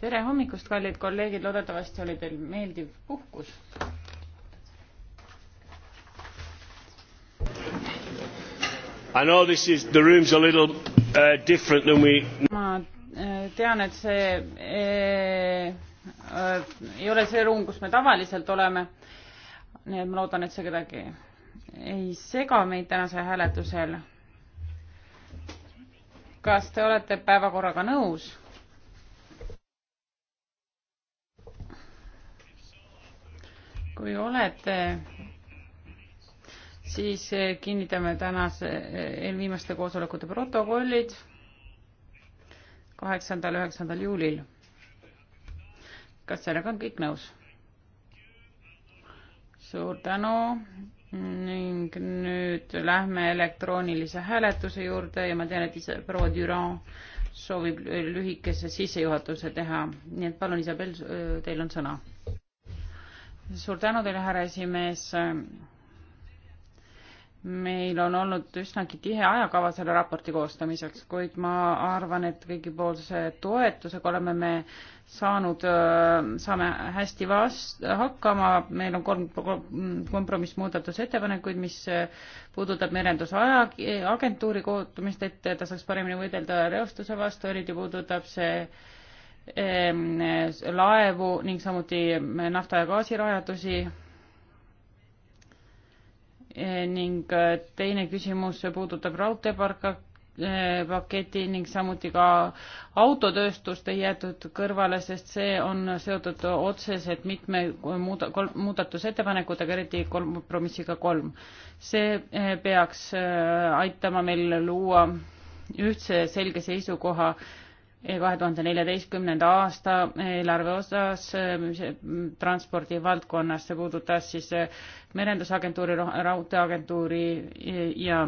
tere hommikust, kallid kolleegid, loodetavasti oli teil meeldiv puhkus. I know this is, the room's a little uh, different than we ma äh, tean, et see eh, eh, ei ole see ruum, kus me tavaliselt oleme. nii et ma loodan, et see kedagi ei sega meid tänasel hääletusel kas te olete päevakorraga nõus? kui olete, siis kinnitame tänase, eelviimaste koosolekute protokollid kaheksandal, üheksandal juulil. kas sellega on kõik nõus? suur tänu ning nüüd lähme elektroonilise hääletuse juurde ja ma tean, et ise proua Durand soovib lühikese sissejuhatuse teha, nii et palun, Isabel, teil on sõna. suur tänu teile, härra esimees meil on olnud üsnagi tihe ajakava selle raporti koostamiseks, kuid ma arvan, et kõigipoolse toetusega oleme me saanud, äh, saame hästi vast-, hakkama, meil on kolm kompromissmuudatusettepanekuid, mis äh, puudutab merendusaja, agentuuri kootumist, et ta saaks paremini võidelda reostuse vastu, eriti puudutab see ähm, laevu ning samuti nafta- ja gaasirajadusi Eh, ning eh, teine küsimus puudutab raudteeparka eh, paketi ning samuti ka autotööstust ei jäetud kõrvale, sest see on seotud otseselt mitme muuda-, muudatusettepanekutega, eriti kompromissiga kolm. see peaks aitama meil luua ühtse selge seisukoha kahe tuhande neljateistkümnenda aasta eelarve osas transpordi valdkonnas, see puudutas siis merendusagentuuri, raudteeagentuuri ja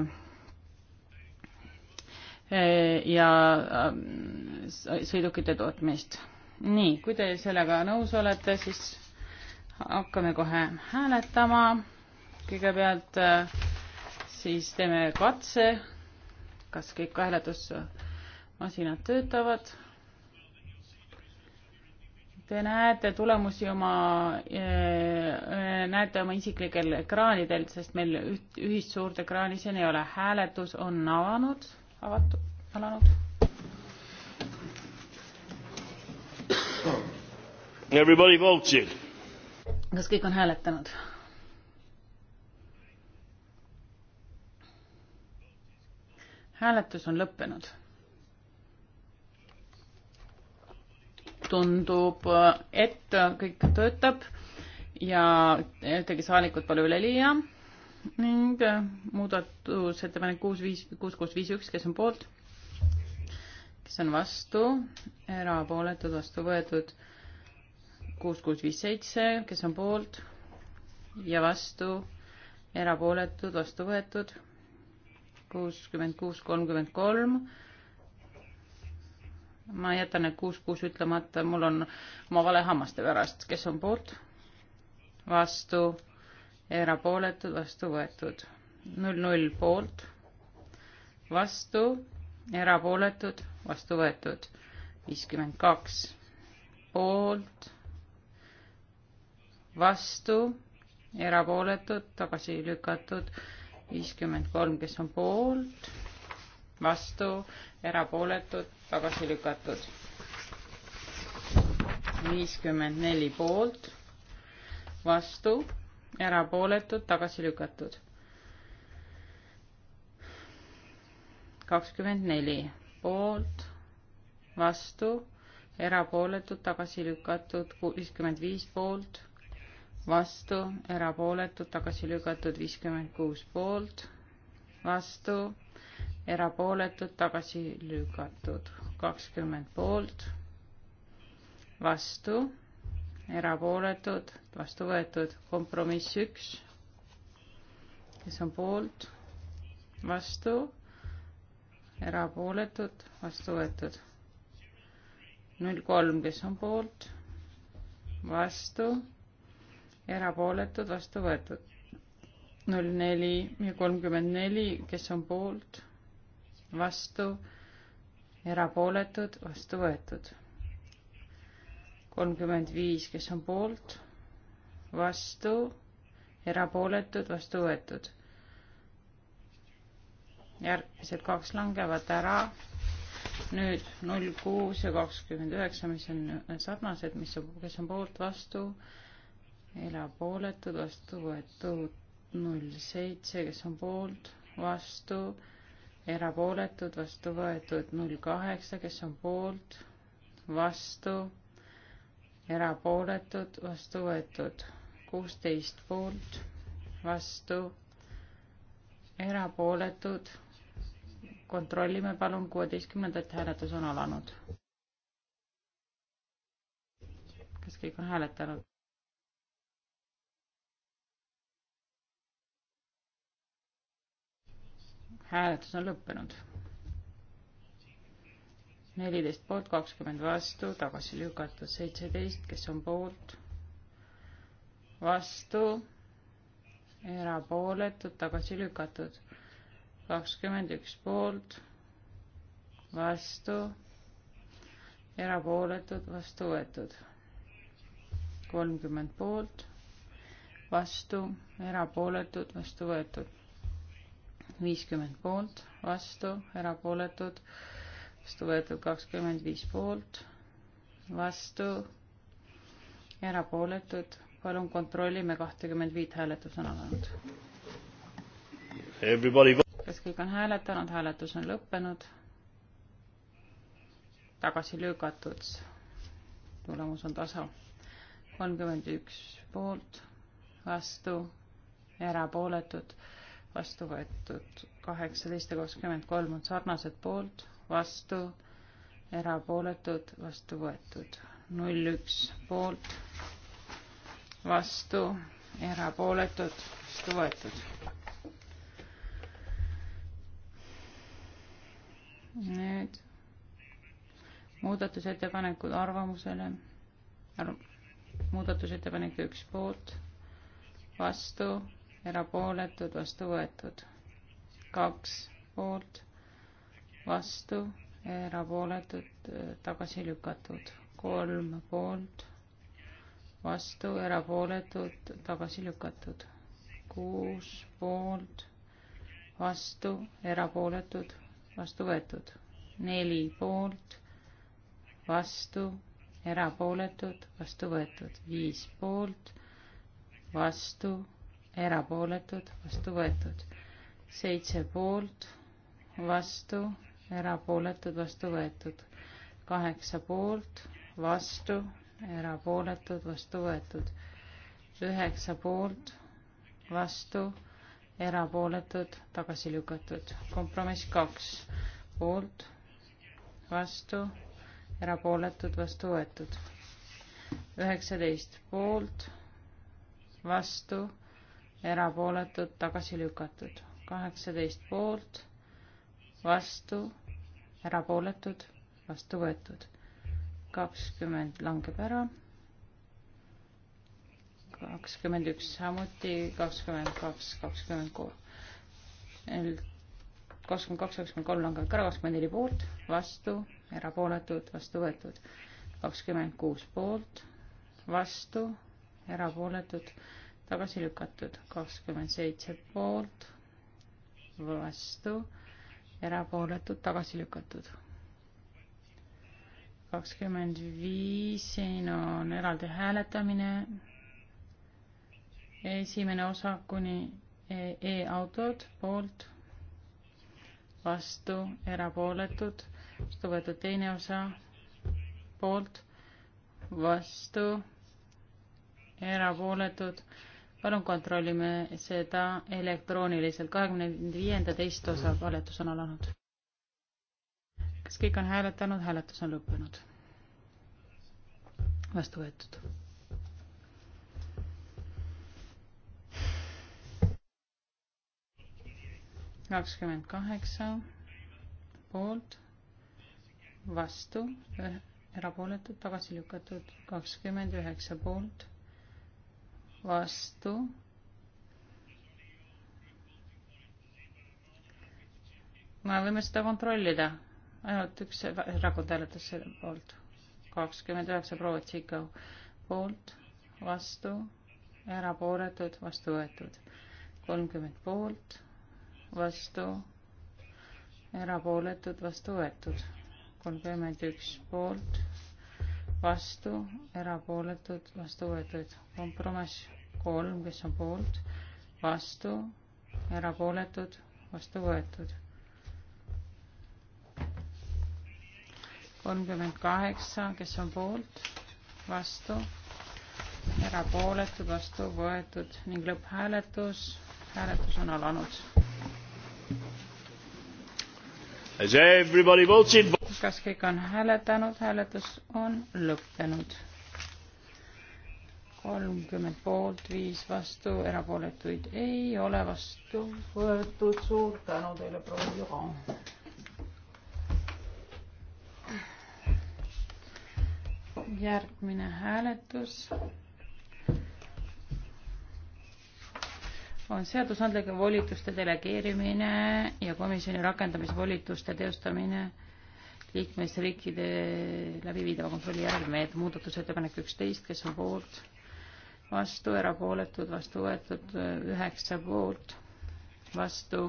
ja äh, sõidukite tootmist. nii, kui te sellega nõus olete, siis hakkame kohe hääletama. kõigepealt äh, siis teeme katse, kas kõik hääletus masinad töötavad. Te näete tulemusi oma, eh, eh, näete oma isiklikel ekraanidel, sest meil üht, ühist suurt ekraani siin ei ole. hääletus on avanud, avatud, alanud. Everybody voted. kas kõik on hääletanud? hääletus on lõppenud tundub, et kõik töötab ja ühtegi saalikut pole üle liia ning muudatusettepanek kuus, viis, kuus, kuus, viis, üks, kes on poolt, kes on vastu, erapooletud, vastu võetud, kuus, kuus, viis, seitse, kes on poolt ja vastu, erapooletud, vastu võetud, kuuskümmend kuus, kolmkümmend kolm, ma jätan need kuus kuus ütlemata, mul on oma vale hammaste pärast, kes on poolt, vastu, erapooletud, vastu võetud, null null poolt, vastu, erapooletud, vastu võetud, viiskümmend kaks poolt, vastu, erapooletud, tagasi lükatud, viiskümmend kolm, kes on poolt vastu, erapooletud, tagasi lükatud. viiskümmend neli poolt, vastu, erapooletud, tagasi lükatud. kakskümmend neli poolt, vastu, erapooletud, tagasi lükatud, viiskümmend viis poolt, vastu, erapooletud, tagasi lükatud, viiskümmend kuus poolt, vastu erapooletud, tagasi lükatud. kakskümmend poolt, vastu, erapooletud, vastu võetud. kompromiss üks, kes on poolt, vastu, erapooletud, vastu võetud. null kolm, kes on poolt, vastu, erapooletud, vastu võetud null neli ja kolmkümmend neli, kes on poolt, vastu, erapooletud, vastu võetud. kolmkümmend viis, kes on poolt, vastu, erapooletud, vastu võetud. järgmised kaks langevad ära. nüüd null kuus ja kakskümmend üheksa, mis on sarnased, mis on, kes on poolt, vastu, erapooletud, vastu võetud null seitse, kes on poolt, vastu erapooletud, vastu võetud null kaheksa, kes on poolt, vastu, erapooletud, vastu võetud kuusteist poolt, vastu, erapooletud. kontrollime palun kuueteistkümnendat, hääletus on alanud. kas kõik on hääletanud? hääletus on lõppenud. neliteist poolt, kakskümmend vastu, tagasi lükatud seitseteist, kes on poolt, vastu, erapooletud, tagasi lükatud kakskümmend üks poolt, vastu, erapooletud, vastu võetud. kolmkümmend poolt, vastu, erapooletud, vastu võetud viiskümmend poolt, vastu, erapooletud, vastu võetud kakskümmend viis poolt, vastu, erapooletud, palun kontrollime, kahtekümmend viit hääletus on alanud. kas kõik on hääletanud, hääletus on lõppenud, tagasi lükatud, tulemus on tasa, kolmkümmend üks poolt, vastu, erapooletud vastu võetud. kaheksateist ja kakskümmend kolm on sarnased poolt, vastu, erapooletud, vastu võetud. null üks poolt, vastu, erapooletud, vastu võetud. nüüd muudatusettepanekud arvamusele Arv. muudatusettepanek üks poolt, vastu, erapooletud, vastu võetud. kaks poolt, vastu, erapooletud, tagasi lükatud. kolm poolt, vastu, erapooletud, tagasi lükatud. kuus poolt, vastu, erapooletud, vastu võetud. neli poolt, vastu, erapooletud, vastu võetud. viis poolt, vastu erapooletud, vastu võetud. seitse poolt, vastu, erapooletud, vastu võetud. kaheksa poolt, vastu, erapooletud, vastu võetud. üheksa poolt, vastu, erapooletud, tagasi lükatud. kompromiss kaks, poolt, vastu, erapooletud, vastu võetud. üheksateist poolt, vastu erapooletud, tagasi lükatud. kaheksateist poolt, vastu, erapooletud, vastu võetud. kakskümmend langeb ära. kakskümmend üks samuti, kakskümmend kaks, kakskümmend kolm. kakskümmend kaks, kakskümmend kolm langevad ära, kakskümmend neli poolt, vastu, erapooletud, vastu võetud. kakskümmend kuus poolt, vastu, erapooletud tagasi lükatud, kakskümmend seitse poolt, vastu, erapooletud, tagasi lükatud. kakskümmend viis, siin on eraldi hääletamine, esimene osa kuni e, e-autod e poolt, vastu, erapooletud, vastu võetud teine osa poolt, vastu, erapooletud palun kontrollime seda elektrooniliselt. kahekümne viienda teist osa hääletus on alanud. kas kõik on hääletanud? hääletus on lõppenud. vastu võetud. kakskümmend kaheksa poolt, vastu, erapooletud, tagasi lükatud, kakskümmend üheksa poolt vastu. me võime seda kontrollida, ainult üks erakond hääletas selle poolt, kakskümmend üheksa proua Tsikov poolt, vastu, erapooletud, vastu võetud, kolmkümmend poolt, vastu, erapooletud, vastu võetud, kolmkümmend üks poolt, vastu, erapooletud, vastu võetud, kompromiss kolm, kes on poolt, vastu, erapooletud, vastu võetud. kolmkümmend kaheksa, kes on poolt, vastu, erapooletud, vastu võetud ning lõpphääletus, hääletus on alanud. kas kõik on hääletanud, hääletus on lõppenud kolmkümmend poolt, viis vastu, erapooletuid ei ole vastu võetud. suur tänu teile, proua Juha. järgmine hääletus on seadusandlike volituste delegeerimine ja komisjoni rakendamisvolituste teostamine liikmesriikide läbiviidava kontrolli järelmeed. muudatusettepanek üksteist, kes on poolt? vastu, erapooletud, vastu võetud üheksa poolt, vastu,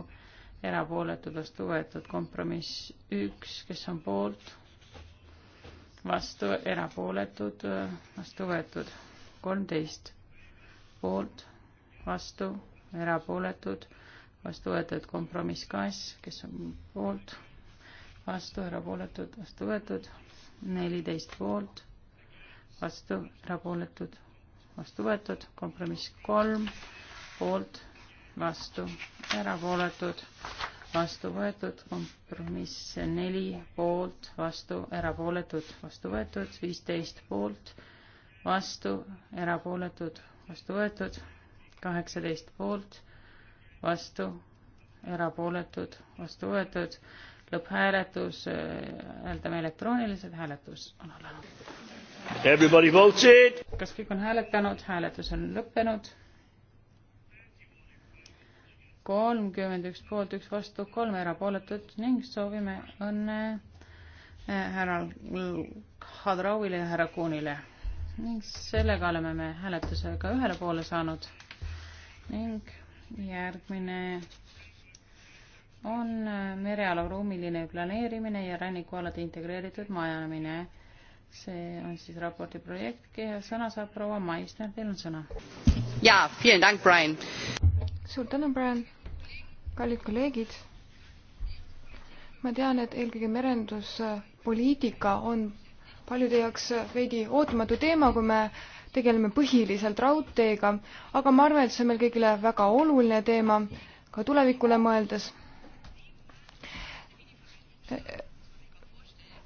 erapooletud, vastu võetud kompromiss üks, kes on poolt, vastu, erapooletud, vastu võetud kolmteist poolt, vastu, erapooletud, vastu võetud kompromiss kass, kes on poolt, vastu, erapooletud, vastu võetud neliteist poolt, vastu, erapooletud vastu võetud, kompromiss kolm, poolt, vastu, erapooletud, vastu võetud, kompromiss neli, poolt, vastu, erapooletud, vastu võetud, viisteist poolt, vastu, erapooletud, vastu võetud, kaheksateist poolt, vastu, erapooletud, vastu võetud, lõpphääletus, äh, hääldame elektrooniliselt, hääletus on alanud kas kõik on hääletanud, hääletus on lõppenud. kolmkümmend üks poolt, üks vastu, kolm erapooletut ning soovime õnne eh, härra Hadrauvile ja härra Kuunile. ning sellega oleme me hääletusega ühele poole saanud ning järgmine on mereala ruumiline planeerimine ja rannikualade integreeritud majamine see on siis raporti projekt, sõna saab proua Maisner, teil on sõna. jaa, dank, Brian. suur tänu, Brian. kallid kolleegid. ma tean, et eelkõige merenduspoliitika on paljude jaoks veidi ootamatu teema, kui me tegeleme põhiliselt raudteega, aga ma arvan, et see on meil kõigile väga oluline teema ka tulevikule mõeldes.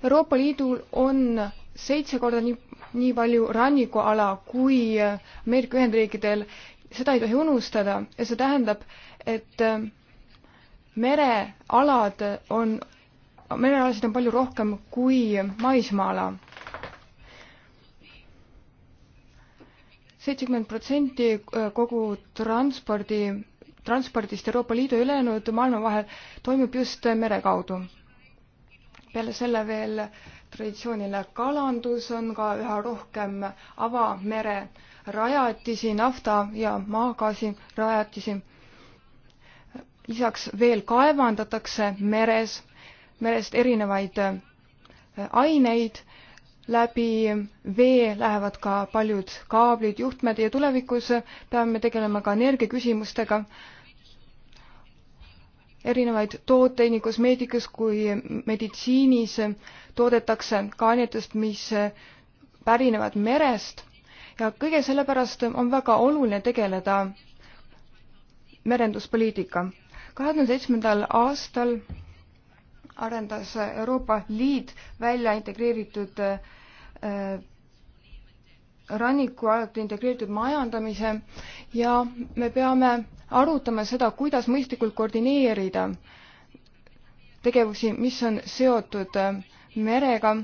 Euroopa Liidul on seitse korda nii, nii palju rannikuala kui Ameerika Ühendriikidel. seda ei tohi unustada ja see tähendab, et äh, merealad on, merealasid on palju rohkem kui maismaa-ala. seitsekümmend protsenti äh, kogu transpordi, transpordist Euroopa Liidu ja ülejäänud maailma vahel toimub just mere kaudu. peale selle veel äh, traditsiooniline kalandus on ka üha rohkem avamere rajatisi, nafta ja maagaasi rajatisi. lisaks veel kaevandatakse meres, merest erinevaid äh, aineid, läbi vee lähevad ka paljud kaablid, juhtmed ja tulevikus peame tegelema ka energiaküsimustega erinevaid tooteid nii kosmeetikas kui meditsiinis toodetakse ka ainetest, mis pärinevad merest ja kõige sellepärast on väga oluline tegeleda merenduspoliitika. kahe tuhande seitsmendal aastal arendas Euroopa Liit välja integreeritud äh, rannikualade integreeritud majandamise ja me peame arutama seda, kuidas mõistlikult koordineerida tegevusi, mis on seotud äh, merega.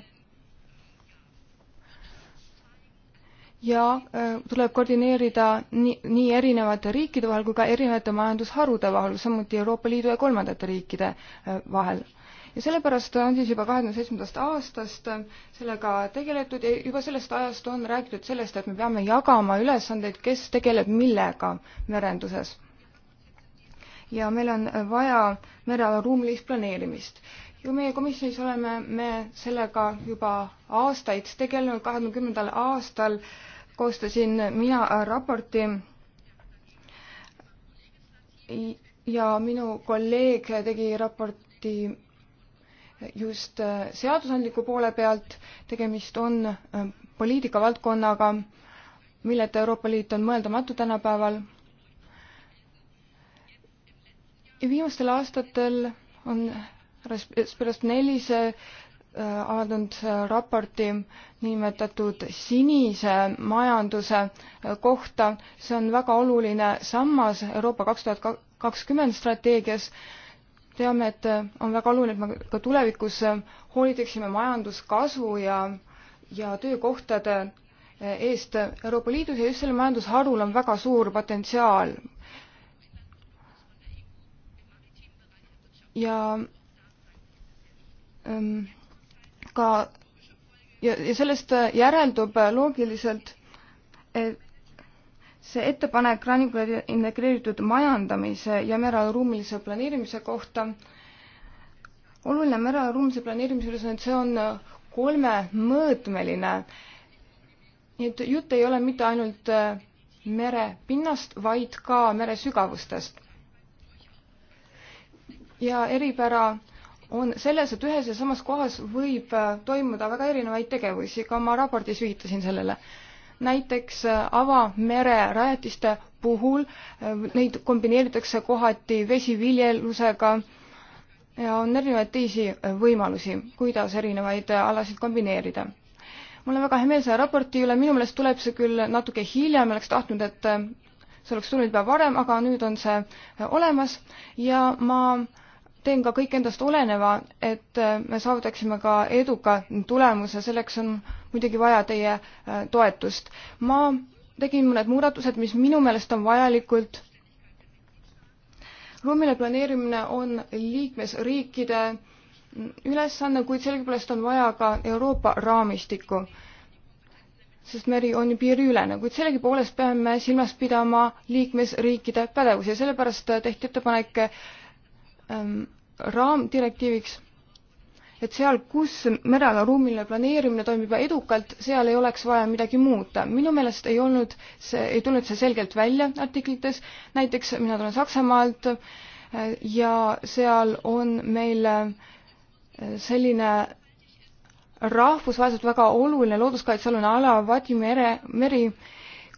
ja äh, tuleb koordineerida nii, nii erinevate riikide vahel kui ka erinevate majandusharude vahel, samuti Euroopa Liidu ja kolmandate riikide äh, vahel ja sellepärast on siis juba kahekümne seitsmendast aastast sellega tegeletud ja juba sellest ajast on räägitud sellest, et me peame jagama ülesandeid, kes tegeleb millega merenduses. ja meil on vaja mereruumilist planeerimist ju meie komisjonis oleme me sellega juba aastaid tegelenud, kahekümne kümnendal aastal koostasin mina raporti ja minu kolleeg tegi raporti just äh, seadusandliku poole pealt, tegemist on äh, poliitikavaldkonnaga, milleta Euroopa Liit on mõeldamatu tänapäeval. viimastel aastatel on Spirosnelis äh, avaldanud raporti niinimetatud sinise majanduse kohta. see on väga oluline sammas Euroopa kaks tuhat kakskümmend strateegias teame, et äh, on väga oluline, et me ka tulevikus äh, hoolitseksime majanduskasvu ja, ja töökohtade äh, eest Euroopa Liidus ja just sellel majandusharul on väga suur potentsiaal. ja ähm, ka ja, ja sellest järeldub loogiliselt, et see ettepanek rannikule integreeritud majandamise ja mereruumilise planeerimise kohta. oluline mereruumilise planeerimise juures on, et see on kolmemõõtmeline. nii et jutt ei ole mitte ainult äh, merepinnast, vaid ka meresügavustest. ja eripära on selles, et ühes ja samas kohas võib äh, toimuda väga erinevaid tegevusi, ka oma raportis viitasin sellele näiteks äh, avamererajatiste puhul äh, neid kombineeritakse kohati vesiviljelusega ja on erinevaid teisi äh, võimalusi, kuidas erinevaid alasid kombineerida. mul on väga hea meel selle raporti üle, minu meelest tuleb see küll natuke hiljem, oleks tahtnud, et see oleks tulnud juba varem, aga nüüd on see olemas ja ma teen ka kõik endast oleneva, et me saavutaksime ka eduka tulemuse, selleks on muidugi vaja teie äh, toetust. ma tegin mõned muudatused, mis minu meelest on vajalikud. ruumiline planeerimine on liikmesriikide ülesanne, kuid sellegipoolest on vaja ka Euroopa raamistikku, sest meri on ju piiriülene, kuid sellegipoolest peame silmas pidama liikmesriikide pädevusi ja sellepärast tehti ettepanek ähm, raamdirektiiviks et seal, kus merel ruumiline planeerimine toimib edukalt, seal ei oleks vaja midagi muuta. minu meelest ei olnud see, ei tulnud see selgelt välja artiklites, näiteks mina tulen Saksamaalt äh, ja seal on meil äh, selline rahvusvaheliselt väga oluline looduskaitsealune ala, Vadi mere, meri,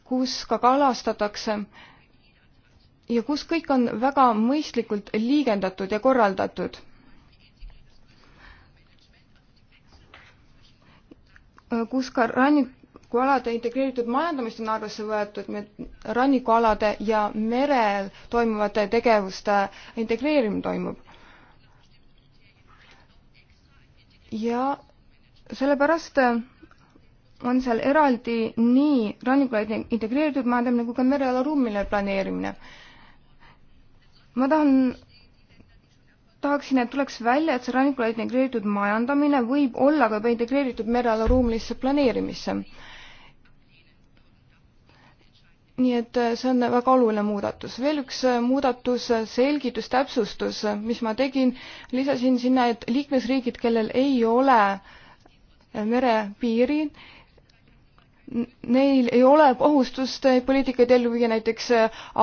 kus ka kalastatakse ja kus kõik on väga mõistlikult liigendatud ja korraldatud Äh, kus ka rannikualade integreeritud majandamist on arvesse võetud, rannikualade ja merel toimuvate tegevuste integreerimine toimub. ja sellepärast äh, on seal eraldi nii rannikualade integreeritud majandamine kui ka mereala ruumiline planeerimine. ma tahan tahaksin, et tuleks välja, et see rannikule integreeritud majandamine võib olla ka juba integreeritud mereala ruumilisse planeerimisse. nii et äh, see on väga oluline muudatus. veel üks äh, muudatus, äh, selgitus, täpsustus, mis ma tegin, lisasin sinna, et liikmesriigid, kellel ei ole merepiiri, neil ei ole kohustust poliitikaid ellu viia, näiteks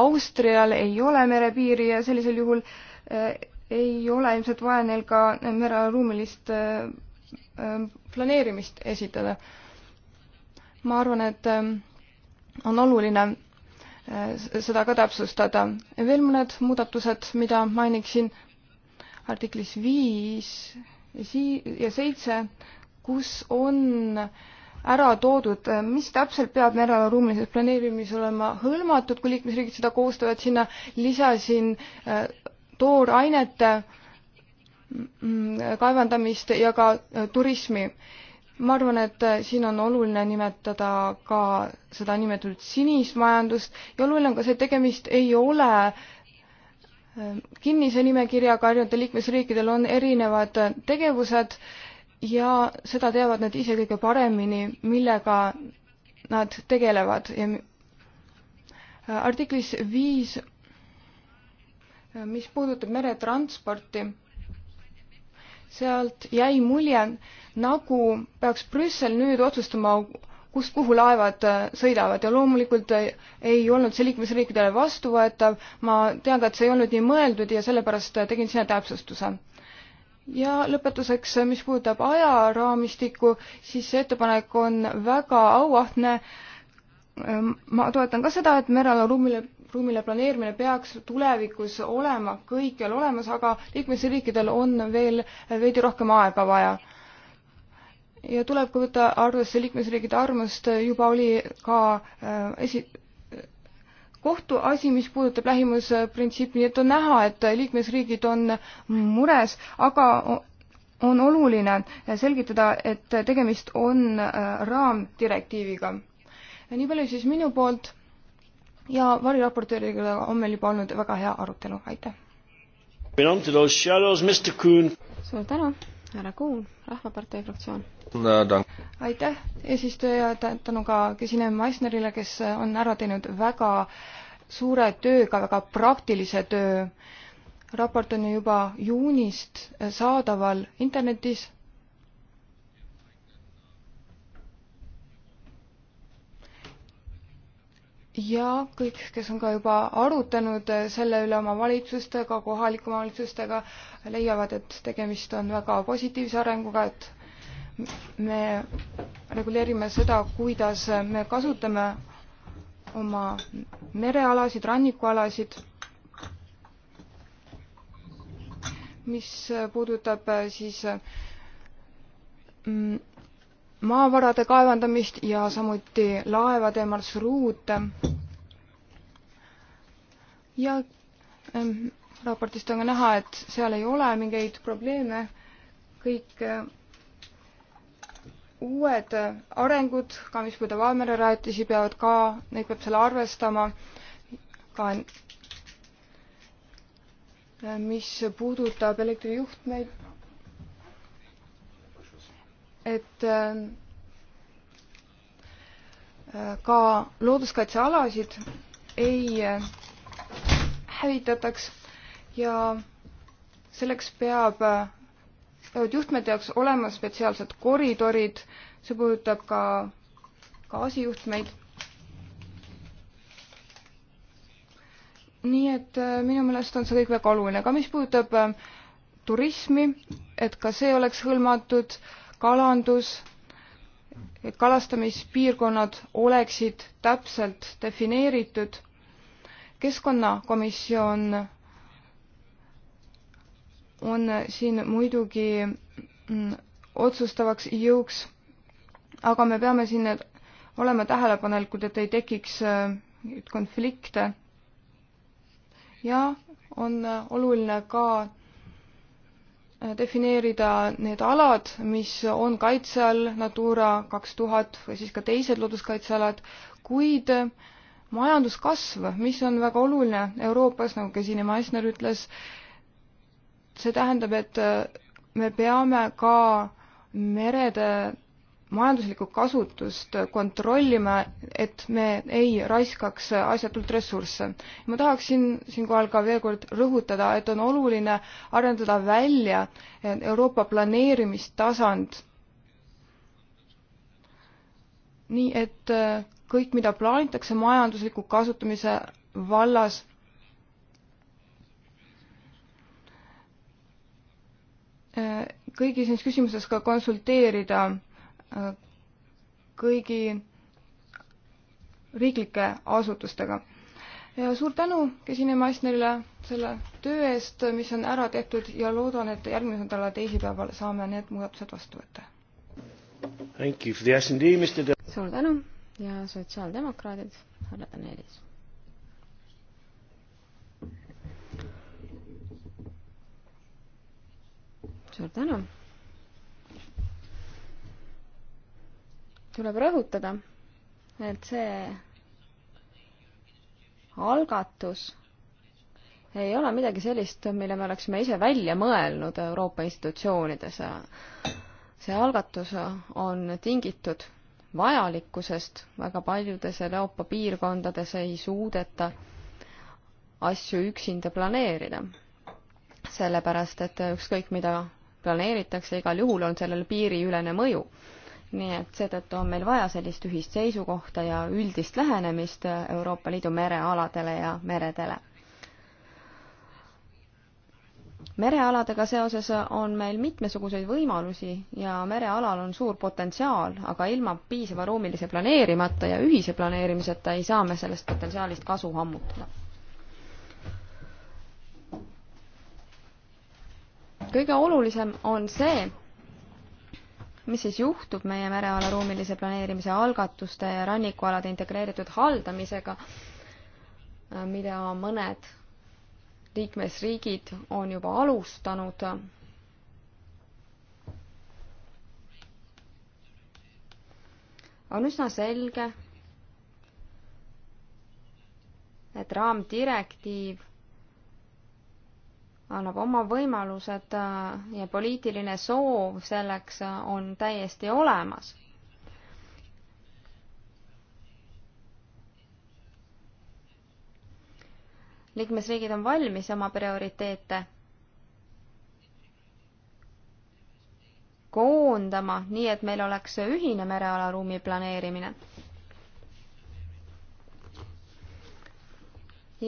Austrial ei ole merepiiri ja sellisel juhul ei ole ilmselt vaja neil ka mereruumilist äh, äh, planeerimist esitada. ma arvan, et äh, on oluline seda ka täpsustada. veel mõned muudatused, mida mainiksin artiklis viis ja seitse, kus on ära toodud, mis täpselt peab mereala ruumilises planeerimises olema hõlmatud, kui liikmesriigid seda koostavad, sinna lisasin toorainete mm, kaevandamist ja ka äh, turismi. ma arvan, et äh, siin on oluline nimetada ka seda nimetatud sinist majandust ja oluline on ka see, et tegemist ei ole äh, kinnise nimekirjaga, erinevatel liikmesriikidel on erinevad tegevused ja seda teavad nad ise kõige paremini, millega nad tegelevad ja artiklis viis mis puudutab meretransporti, sealt jäi mulje, nagu peaks Brüssel nüüd otsustama, kust kuhu laevad äh, sõidavad ja loomulikult äh, ei olnud see liikmesriikidele vastuvõetav, ma tean ka, et see ei olnud nii mõeldud ja sellepärast äh, tegin sinna täpsustuse. ja lõpetuseks, mis puudutab ajaraamistikku, siis see ettepanek on väga auahne. ma toetan ka seda, et merel ruumile ruumile planeerimine peaks tulevikus olema kõikjal olemas, aga liikmesriikidel on veel veidi rohkem aega vaja. ja tuleb ka võtta arvesse liikmesriikide arvamust, juba oli ka äh, esi-, kohtuasi, mis puudutab lähimusprintsiipi, nii et on näha, et liikmesriigid on mures, aga on oluline selgitada, et tegemist on äh, raamdirektiiviga. nii palju siis minu poolt ja variraportööridega on meil juba olnud väga hea arutelu, aitäh! suur tänu, härra Kuhn, Rahvapartei fraktsioon no,! aitäh, eesistuja ja tänu ka Krisine Meissnerile, kes on ära teinud väga suure tööga, väga praktilise töö. raport on juba juunist saadaval internetis ja kõik, kes on ka juba arutanud selle üle oma valitsustega, kohalike omavalitsustega, leiavad, et tegemist on väga positiivse arenguga, et me reguleerime seda, kuidas me kasutame oma merealasid, rannikualasid mis puudutab siis mm, maavarade kaevandamist ja samuti laevade marsruute. ja ähm, raportist on ka näha, et seal ei ole mingeid probleeme, kõik äh, uued äh, arengud, ka mis puudutab Valmere rajatisi, peavad ka, neid peab seal arvestama, ka äh, mis puudutab elektrijuhtmeid et äh, äh, ka looduskaitsealasid ei äh, hävitataks ja selleks peab, peavad juhtmete jaoks olema spetsiaalsed koridorid, see puudutab ka gaasijuhtmeid. nii et minu meelest on see kõik väga oluline, aga mis puudutab turismi, et ka see oleks hõlmatud äh, kalandus, kalastamispiirkonnad oleksid täpselt defineeritud. keskkonnakomisjon on siin muidugi mm, otsustavaks jõuks, aga me peame siin olema tähelepanelikud, et ei tekiks äh, konflikte. ja on äh, oluline ka Äh, defineerida need alad, mis on kaitse all, Natura kaks tuhat või siis ka teised looduskaitsealad, kuid äh, majanduskasv, mis on väga oluline Euroopas, nagu ka Signe Meissner ütles, see tähendab, et äh, me peame ka merede majanduslikku kasutust kontrollima, et me ei raiskaks asjatult ressursse. ma tahaksin siinkohal ka veel kord rõhutada, et on oluline arendada välja Euroopa planeerimistasand nii, et kõik, mida plaanitakse majandusliku kasutamise vallas, kõigis neis küsimustes ka konsulteerida kõigi riiklike asutustega. ja suur tänu Kesine Maisnerile selle töö eest, mis on ära tehtud ja loodan, et järgmise nädala teisipäeval saame need muudatused vastu võtta. suur tänu ja sotsiaaldemokraadid, härra Danelis. suur tänu tuleb rõhutada, et see algatus ei ole midagi sellist, mille me oleksime ise välja mõelnud Euroopa institutsioonides. see algatus on tingitud vajalikkusest, väga paljudes Euroopa piirkondades ei suudeta asju üksinda planeerida. sellepärast, et ükskõik, mida planeeritakse, igal juhul on sellel piiriülene mõju nii et seetõttu on meil vaja sellist ühist seisukohta ja üldist lähenemist Euroopa Liidu merealadele ja meredele. merealadega seoses on meil mitmesuguseid võimalusi ja merealal on suur potentsiaal, aga ilma piisava ruumilise planeerimata ja ühise planeerimiseta ei saa me sellest potentsiaalist kasu ammutada. kõige olulisem on see, mis siis juhtub meie mereala ruumilise planeerimise algatuste ja rannikualade integreeritud haldamisega, äh, mida mõned liikmesriigid on juba alustanud on üsna selge, et raamdirektiiv annab oma võimalused äh, ja poliitiline soov selleks äh, on täiesti olemas. liikmesriigid on valmis oma prioriteete koondama, nii et meil oleks ühine mereala ruumi planeerimine.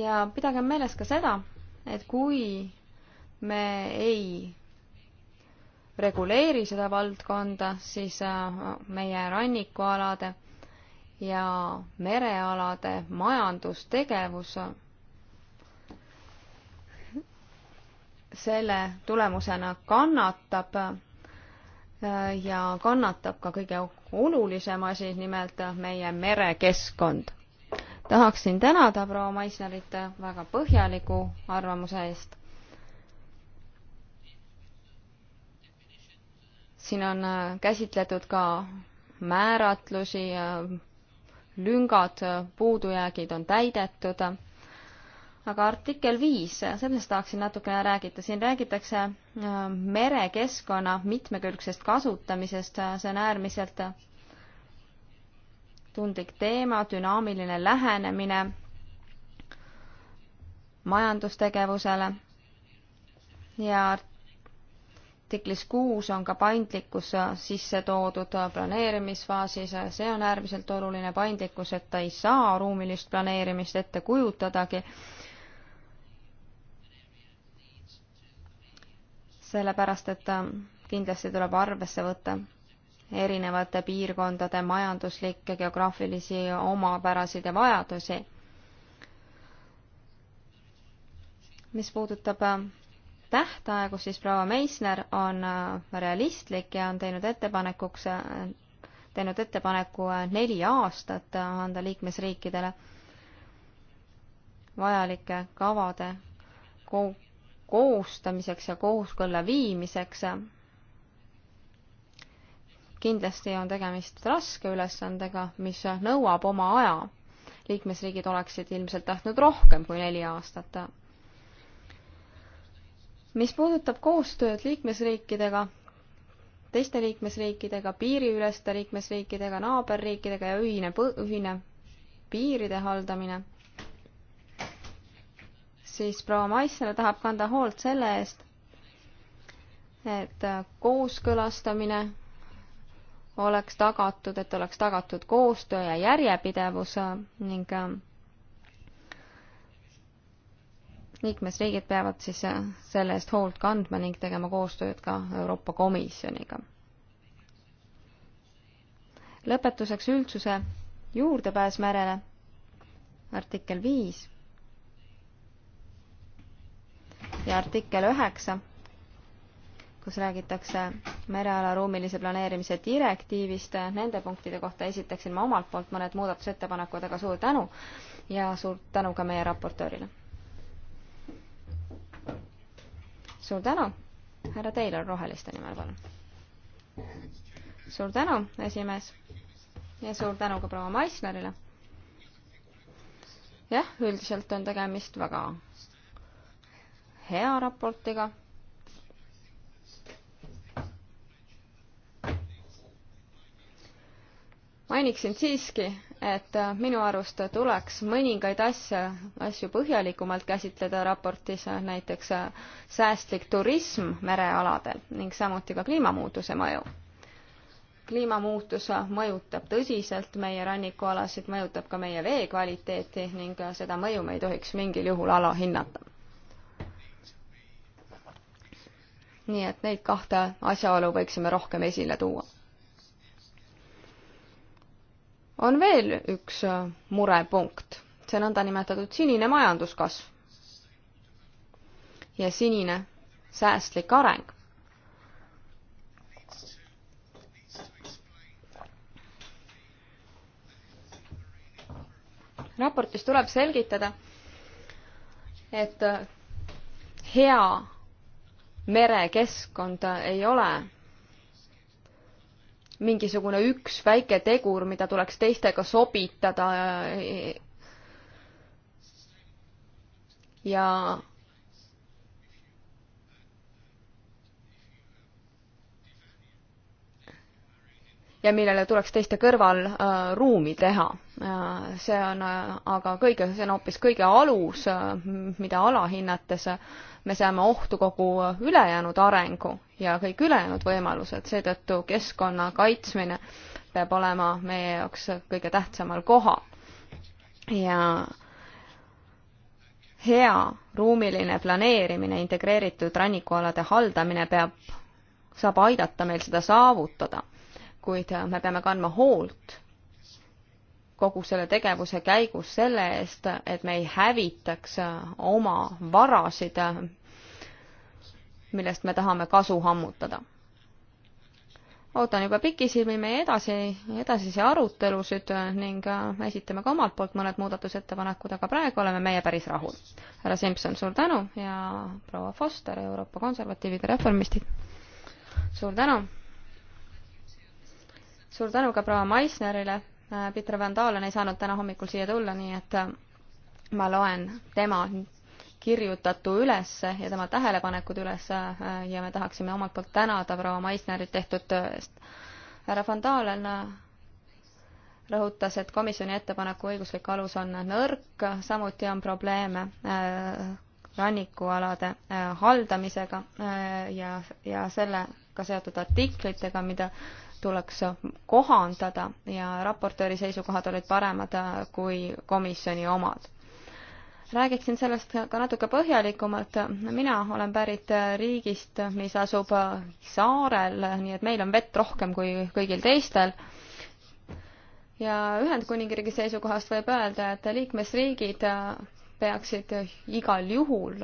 ja pidagem meeles ka seda, et kui me ei reguleeri seda valdkonda, siis äh, meie rannikualade ja merealade majandustegevus, selle tulemusena kannatab äh, ja kannatab ka kõige olulisem asi, nimelt meie merekeskkond. tahaksin tänada proua Maisnerit väga põhjaliku arvamuse eest siin on äh, käsitletud ka määratlusi, äh, lüngad, äh, puudujäägid on täidetud. aga artikkel viis, sellest tahaksin natukene rääkida, siin räägitakse merekeskkonna mitmekülgsest kasutamisest, see on äärmiselt tundlik teema, dünaamiline lähenemine majandustegevusele ja artiklis kuus on ka paindlikkus äh, sisse toodud äh, planeerimisfaasis, äh, see on äärmiselt oluline paindlikkus, et ta ei saa ruumilist planeerimist ette kujutadagi. sellepärast, et kindlasti tuleb arvesse võtta erinevate piirkondade majanduslikke, geograafilisi omapärasid ja vajadusi. mis puudutab tähtaegu, siis proua Meissner on äh, realistlik ja on teinud ettepanekuks, äh, teinud ettepaneku äh, neli aastat anda liikmesriikidele vajalike kavade ko koostamiseks ja kooskõlla viimiseks. kindlasti on tegemist raske ülesandega, mis nõuab oma aja. liikmesriigid oleksid ilmselt tahtnud rohkem kui neli aastat mis puudutab koostööd liikmesriikidega, teiste liikmesriikidega, piiriüleste liikmesriikidega, naaberriikidega ja ühine, ühine piiride haldamine, siis proua Maissele tahab kanda hoolt selle eest, et kooskõlastamine oleks tagatud, et oleks tagatud koostöö ja järjepidevus ning liikmesriigid peavad siis äh, selle eest hoolt kandma ning tegema koostööd ka Euroopa Komisjoniga. lõpetuseks üldsuse juurdepääs merele, artikkel viis ja artikkel üheksa, kus räägitakse mereala ruumilise planeerimise direktiivist, nende punktide kohta esitaksin ma omalt poolt mõned muudatusettepanekud, aga suur tänu ja suur tänu ka meie raportöörile suur tänu, härra Taylor Roheliste nimel, palun. suur tänu, esimees ja suur tänu ka proua Maisnerile. jah, üldiselt on tegemist väga hea raportiga. mainiksin siiski et äh, minu arust tuleks mõningaid asja, asju põhjalikumalt käsitleda raportis, äh, näiteks äh, säästlik turism merealadel ning samuti ka kliimamuutuse mõju. kliimamuutus mõjutab tõsiselt meie rannikualasid, mõjutab ka meie vee kvaliteeti ning seda mõju me ei tohiks mingil juhul alahinnata. nii et neid kahte asjaolu võiksime rohkem esile tuua on veel üks äh, murepunkt, see nõndanimetatud sinine majanduskasv ja sinine säästlik areng. raportis tuleb selgitada, et äh, hea merekeskkond äh, ei ole mingisugune üks väike tegur, mida tuleks teistega sobitada. ja ja millele tuleks teiste kõrval äh, ruumi teha äh,. see on äh, aga kõige, see on hoopis kõige alus äh,, mida alahinnates äh, me seame ohtu kogu ülejäänud arengu ja kõik ülejäänud võimalused, seetõttu keskkonna kaitsmine peab olema meie jaoks kõige tähtsamal kohal. ja hea ruumiline planeerimine, integreeritud rannikualade haldamine peab, saab aidata meil seda saavutada, kuid me peame kandma hoolt kogu selle tegevuse käigus selle eest, et me ei hävitaks oma varasid, millest me tahame kasu hammutada. ootan juba pikisilmi meie edasi, edasisi arutelusid ning äh, esitame ka omalt poolt mõned muudatusettepanekud, aga praegu oleme meie päris rahul. härra Simson, suur tänu ja proua Foster, Euroopa Konservatiivid ja Reformistid, suur tänu! suur tänu ka proua Maisnerile Äh, Peter Van Dalen ei saanud täna hommikul siia tulla, nii et äh, ma loen tema kirjutatu üles ja tema tähelepanekud üles äh, ja me tahaksime omalt poolt tänada proua Maisnerit tehtud töö eest. härra Van Dalen rõhutas, et komisjoni ettepaneku õiguslik alus on nõrk, samuti on probleeme rannikualade haldamisega ja, ja sellega seotud artiklitega, mida tuleks kohandada ja raportööri seisukohad olid paremad äh, kui komisjoni omad. räägiksin sellest ka natuke põhjalikumalt. mina olen pärit äh, riigist, mis asub äh, saarel, nii et meil on vett rohkem kui kõigil teistel ja Ühendkuningriigi seisukohast võib öelda, et liikmesriigid peaksid igal juhul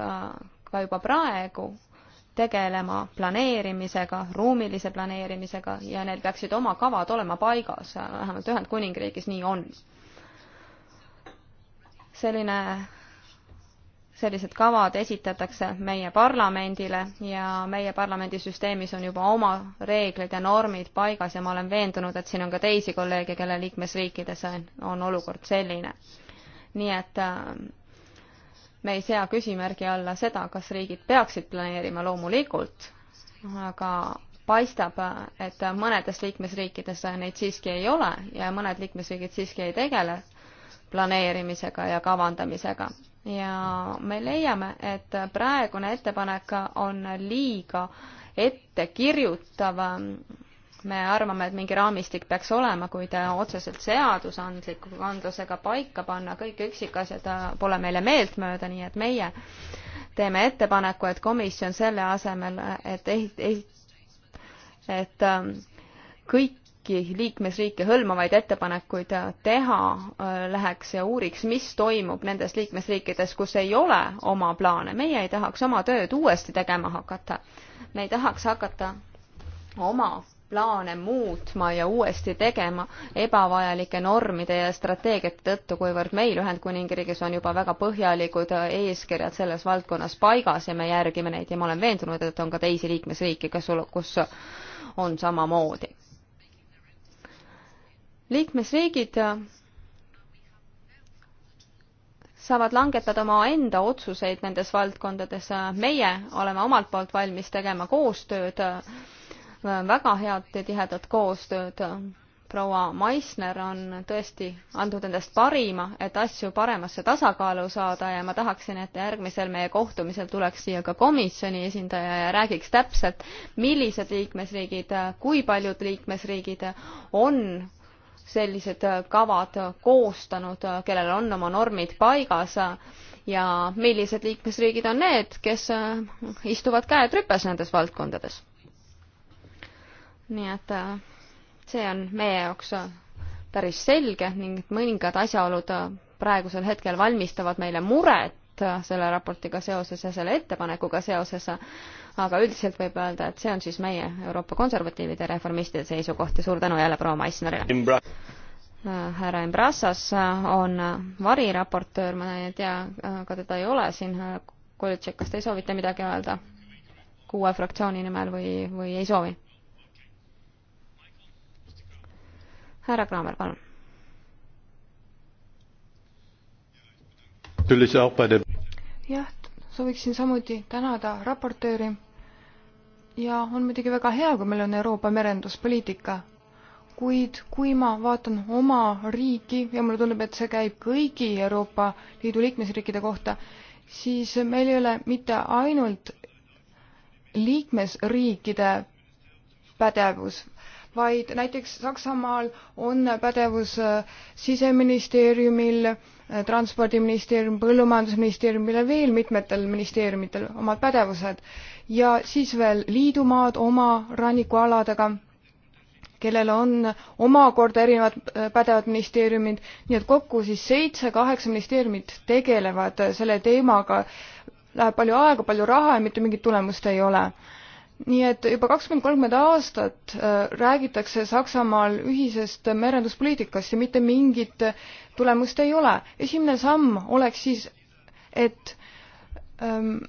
ka juba praegu tegelema planeerimisega, ruumilise planeerimisega ja neil peaksid oma kavad olema paigas, vähemalt Ühendkuningriigis nii on. selline, sellised kavad esitatakse meie parlamendile ja meie parlamendisüsteemis on juba oma reeglid ja normid paigas ja ma olen veendunud, et siin on ka teisi kolleege, kelle liikmesriikides on, on olukord selline. nii et äh, me ei sea küsimärgi alla seda, kas riigid peaksid planeerima, loomulikult, aga paistab, et mõnedes liikmesriikides neid siiski ei ole ja mõned liikmesriigid siiski ei tegele planeerimisega ja kavandamisega. ja me leiame, et praegune ettepanek on liiga ettekirjutav me arvame, et mingi raamistik peaks olema, kuid äh, otseselt seadusandliku kandlusega paika panna kõik üksikasjad äh, pole meile meeltmööda, nii et meie teeme ettepaneku, et komisjon selle asemel, et ehit-, et ähm, kõiki liikmesriike hõlmavaid ettepanekuid äh, teha, läheks ja uuriks, mis toimub nendes liikmesriikides, kus ei ole oma plaane. meie ei tahaks oma tööd uuesti tegema hakata. me ei tahaks hakata oma plaane muutma ja uuesti tegema ebavajalike normide ja strateegiate tõttu, kuivõrd meil Ühendkuningriigis on juba väga põhjalikud eeskirjad selles valdkonnas paigas ja me järgime neid ja ma olen veendunud, et on ka teisi liikmesriike, kes, kus on samamoodi. liikmesriigid saavad langetada omaenda otsuseid nendes valdkondades, meie oleme omalt poolt valmis tegema koostööd väga head ja tihedat koostööd. proua Maisner on tõesti andnud endast parima, et asju paremasse tasakaalu saada ja ma tahaksin, et järgmisel meie kohtumisel tuleks siia ka komisjoni esindaja ja räägiks täpselt, millised liikmesriigid, kui paljud liikmesriigid on sellised kavad koostanud, kellel on oma normid paigas ja millised liikmesriigid on need, kes istuvad käed rüpes nendes valdkondades nii et äh, see on meie jaoks äh, päris selge ning mõningad asjaolud äh, praegusel hetkel valmistavad meile muret selle raportiga seoses ja selle ettepanekuga seoses, aga üldiselt võib öelda, et see on siis meie Euroopa konservatiivide reformistide seisukoht ja suur tänu jälle proua Maisnerile. härra Imbrasas on variraportöör, ma ei tea, aga teda ei ole siin. Kolitšek, kas te soovite midagi öelda kuue fraktsiooni nimel või, või ei soovi? härra Kraamer, palun. jah, sooviksin samuti tänada raportööri ja on muidugi väga hea, kui meil on Euroopa merenduspoliitika, kuid kui ma vaatan oma riiki ja mulle tundub, et see käib kõigi Euroopa Liidu liikmesriikide kohta, siis meil ei ole mitte ainult liikmesriikide pädevus, vaid näiteks Saksamaal on pädevus äh, siseministeeriumil, äh, transpordiministeerium, põllumajandusministeeriumil ja veel mitmetel ministeeriumitel omad pädevused ja siis veel liidumaad oma rannikualadega kellel on omakorda erinevad äh, pädevad ministeeriumid, nii et kokku siis seitse-kaheksa ministeeriumit tegelevad selle teemaga, läheb palju aega, palju raha ja mitte mingit tulemust ei ole nii et juba kakskümmend, kolmkümmend aastat äh, räägitakse Saksamaal ühisest merenduspoliitikast ja mitte mingit tulemust ei ole. esimene samm oleks siis, et ähm,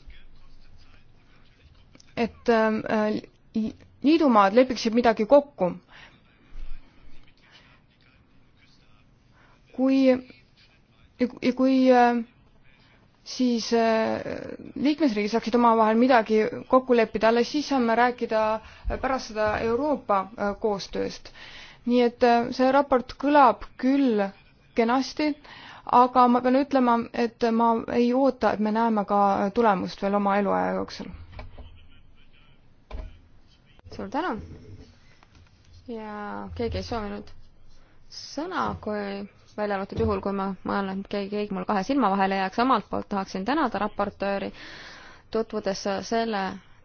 et ähm, äh, liidumaad lepiksid midagi kokku. kui, kui äh, siis äh, liikmesriigid saaksid omavahel midagi kokku leppida, alles siis saame rääkida äh, pärast seda Euroopa äh, koostööst. nii et see raport kõlab küll kenasti, aga ma pean ütlema, et ma ei oota, et me näeme ka tulemust veel oma eluaja jooksul. suur tänu! ja keegi ei soovinud sõna, kui välja arvatud juhul, kui ma, ma olen, keegi, keegi mul kahe silma vahele jääks, omalt poolt tahaksin tänada raportööri. tutvudes selle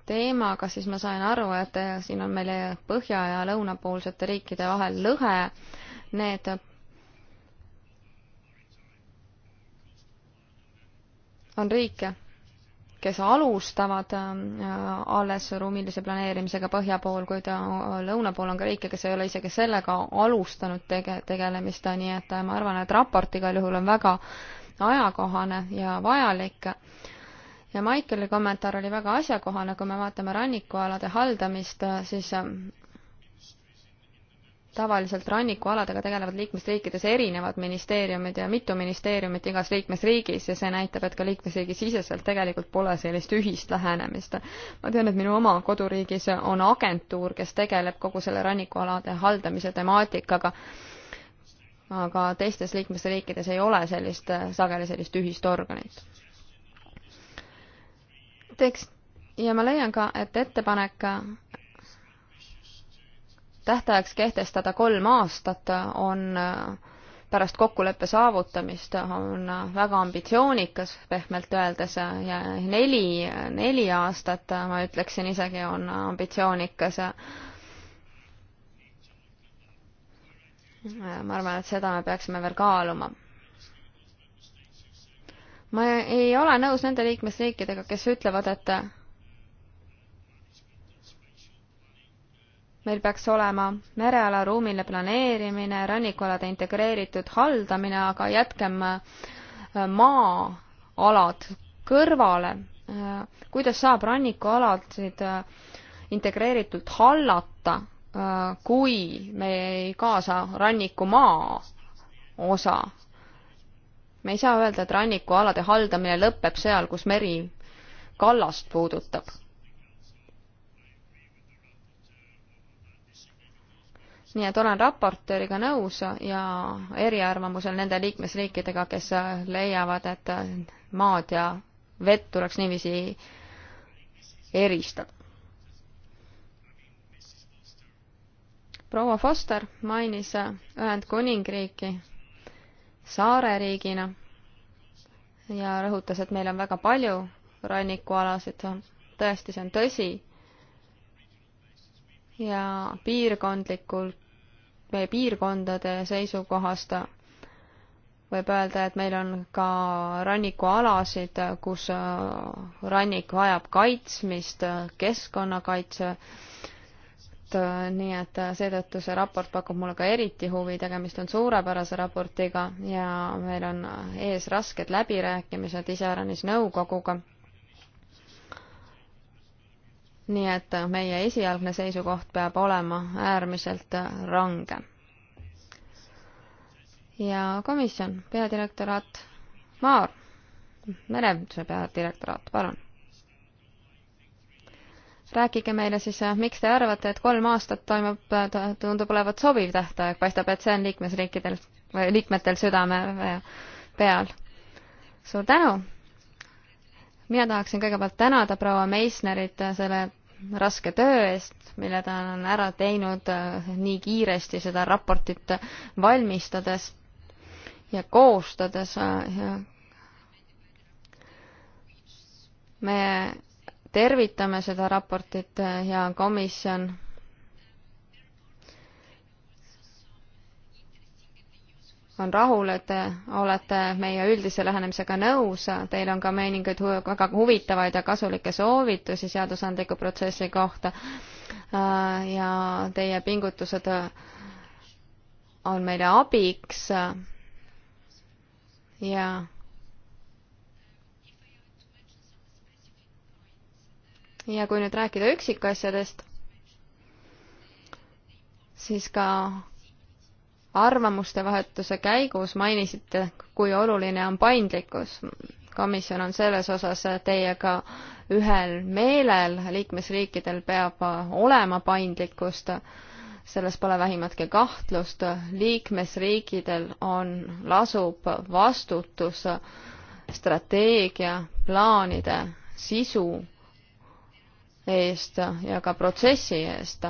teemaga, siis ma sain aru, et siin on meil põhja ja lõunapoolsete riikide vahel lõhe. Need on riike, kes alustavad äh, alles ruumilise planeerimisega põhja pool, kuid äh, lõuna pool on ka riike, kes ei ole isegi sellega alustanud tege-, tegelemist, nii et äh, ma arvan, et raport igal juhul on väga ajakohane ja vajalik. ja Maikeli kommentaar oli väga asjakohane, kui me vaatame rannikualade haldamist, siis tavaliselt rannikualadega tegelevad liikmesriikides erinevad ministeeriumid ja mitu ministeeriumit igas liikmesriigis ja see näitab, et ka liikmesriigi siseselt tegelikult pole sellist ühist lähenemist. ma tean, et minu oma koduriigis on agentuur, kes tegeleb kogu selle rannikualade haldamise temaatikaga, aga teistes liikmesriikides ei ole sellist, sageli sellist ühist organit. teeks, ja ma leian ka, et ettepanek tähtajaks kehtestada kolm aastat on äh, pärast kokkuleppe saavutamist on äh, väga ambitsioonikas, pehmelt öeldes, äh, ja neli, neli aastat, ma ütleksin isegi, on ambitsioonikas. ma arvan, et seda me peaksime veel kaaluma. ma ei ole nõus nende liikmesriikidega, kes ütlevad, et meil peaks olema mereala ruumiline planeerimine, rannikualade integreeritud haldamine, aga jätkem äh, maa-alad kõrvale. Äh, kuidas saab rannikualasid äh, integreeritult hallata, kui me ei kaasa rannikumaa osa? me ei saa öelda, et rannikualade haldamine lõpeb seal, kus meri kallast puudutab nii et olen raportööriga nõus ja eriarvamusel nende liikmesriikidega, kes leiavad, et maad ja vett tuleks niiviisi eristada. proua Foster mainis Ühendkuningriiki saareriigina ja rõhutas, et meil on väga palju rannikualasid, tõesti, see on tõsi ja piirkondlikult, meie piirkondade seisukohast võib öelda, et meil on ka rannikualasid, kus äh, rannik vajab kaitsmist, keskkonnakaitse, äh, nii et äh, seetõttu see raport pakub mulle ka eriti huvi, tegemist on suurepärase raportiga ja meil on ees rasked läbirääkimised iseäranis nõukoguga nii et meie esialgne seisukoht peab olema äärmiselt range. ja komisjon, peadirektoraat Maar, merenduse peadirektoraat, palun. rääkige meile siis, miks te arvate, et kolm aastat toimub, tundub olevat sobiv tähtaeg, paistab, et see on liikmesriikidel, liikmetel südame peal. suur tänu mina tahaksin kõigepealt tänada proua Meissnerit selle raske töö eest, mille ta on ära teinud äh, nii kiiresti seda raportit valmistades ja koostades. Äh, me tervitame seda raportit äh, ja komisjon on rahul, et te olete meie üldise lähenemisega nõus, teil on ka mõningaid hu väga huvitavaid ja kasulikke soovitusi seadusandliku protsessi kohta äh, ja teie pingutused on meile abiks ja ja kui nüüd rääkida üksikasjadest, siis ka arvamuste vahetuse käigus mainisite, kui oluline on paindlikkus. komisjon on selles osas teiega ühel meelel, liikmesriikidel peab olema paindlikkust, selles pole vähimatki kahtlust, liikmesriikidel on, lasub vastutus strateegia, plaanide sisu eest ja ka protsessi eest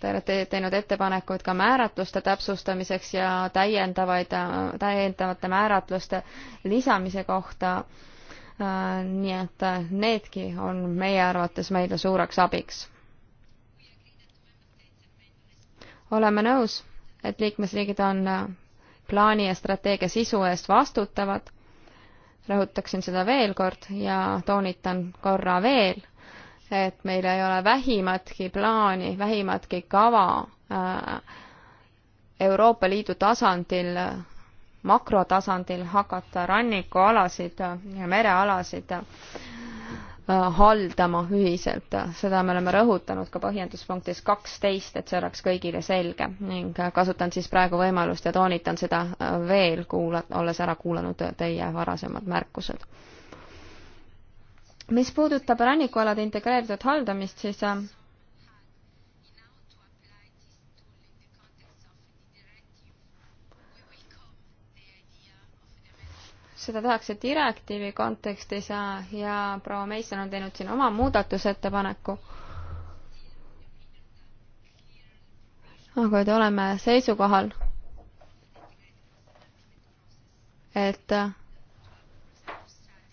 Te olete teinud ettepanekuid ka määratluste täpsustamiseks ja täiendavaid, täiendavate määratluste lisamise kohta. Äh, nii et needki on meie arvates meile suureks abiks. oleme nõus, et liikmesriigid on plaani ja strateegia sisu eest vastutavad. rõhutaksin seda veel kord ja toonitan korra veel et meil ei ole vähimatki plaani, vähimatki kava äh, Euroopa Liidu tasandil, makrotasandil hakata rannikualasid ja merealasid äh, haldama ühiselt, seda me oleme rõhutanud ka põhjenduspunktis kaksteist, et see oleks kõigile selge ning äh, kasutan siis praegu võimalust ja toonitan seda veel, kuula-, olles ära kuulanud teie varasemad märkused mis puudutab rannikualade integreeritud haldamist, siis äh, seda tehakse direktiivi kontekstis ja, äh, ja proua Meisson on teinud siin oma muudatusettepaneku. aga et oleme seisukohal, et äh,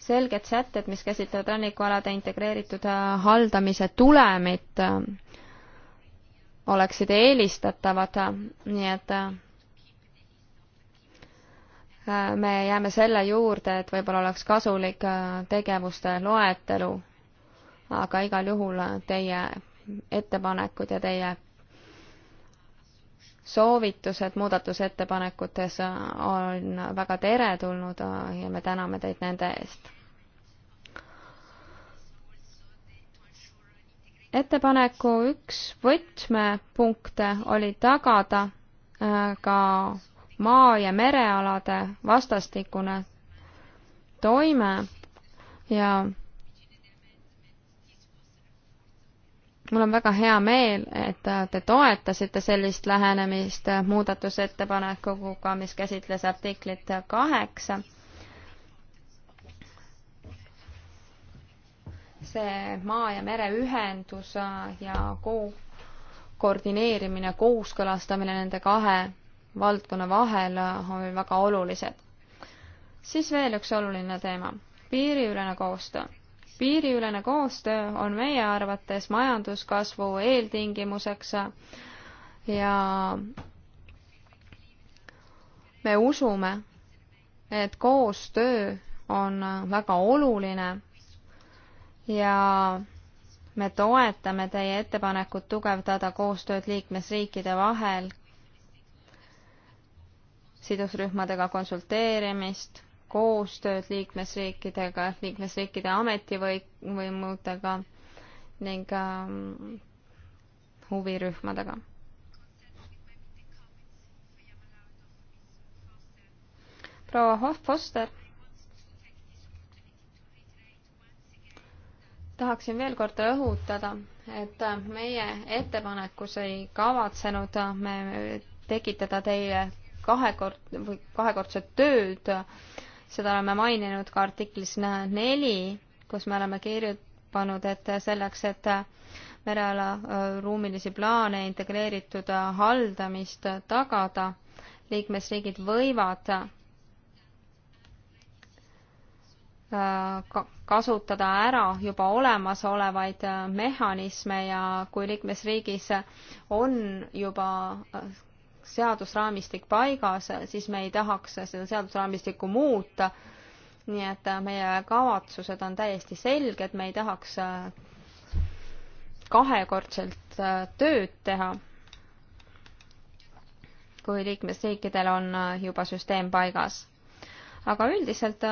selged sätted, mis käsitlevad rannikualade integreeritud äh, haldamise tulemit, äh, oleksid eelistatavad, nii et äh, me jääme selle juurde, et võib-olla oleks kasulik tegevuste loetelu, aga igal juhul teie ettepanekud ja teie soovitused muudatusettepanekutes on väga teretulnud ja me täname teid nende eest. ettepaneku üks võtmepunkte oli tagada äh, ka maa- ja merealade vastastikune toime ja mul on väga hea meel, et äh, te toetasite sellist lähenemist muudatusettepanekuga, mis käsitles artiklit kaheksa see maa- ja mereühendus ja ko-, koordineerimine, kooskõlastamine nende kahe valdkonna vahel on meil väga olulised. siis veel üks oluline teema, piiriülene koostöö. piiriülene koostöö on meie arvates majanduskasvu eeltingimuseks ja me usume, et koostöö on väga oluline ja me toetame teie ettepanekut tugevdada koostööd liikmesriikide vahel, sidusrühmadega konsulteerimist, koostööd liikmesriikidega, liikmesriikide ametivõimudega ning äh, huvirühmadega. proua Foster tahaksin veel kord rõhutada, et meie ettepanekus ei kavatsenud me tekitada teile kahekord või kahekordset tööd. seda oleme maininud ka artiklis neli, kus me oleme kirjutanud, et selleks, et mereala äh, ruumilisi plaane integreeritud haldamist tagada, liikmesriigid võivad Äh, kasutada ära juba olemasolevaid äh, mehhanisme ja kui liikmesriigis on juba äh, seadusraamistik paigas, siis me ei tahaks seda seadusraamistikku muuta. nii et meie kavatsused on täiesti selged, me ei tahaks kahekordselt tööd teha, kui liikmesriikidel on juba süsteem paigas. aga üldiselt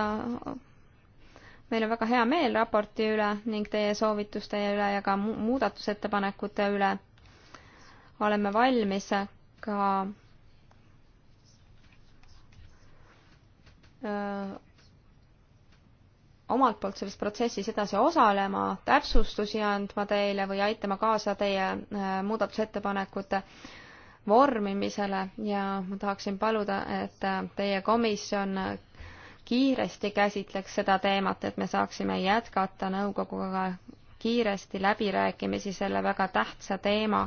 meil on väga hea meel raporti üle ning teie soovituste üle ja ka muudatusettepanekute üle. oleme valmis ka öö, omalt poolt selles protsessis edasi osalema, täpsustusi andma teile või aitama kaasa teie muudatusettepanekute vormimisele ja ma tahaksin paluda, et teie komisjon kiiresti käsitleks seda teemat, et me saaksime jätkata nõukoguga kiiresti läbirääkimisi selle väga tähtsa teema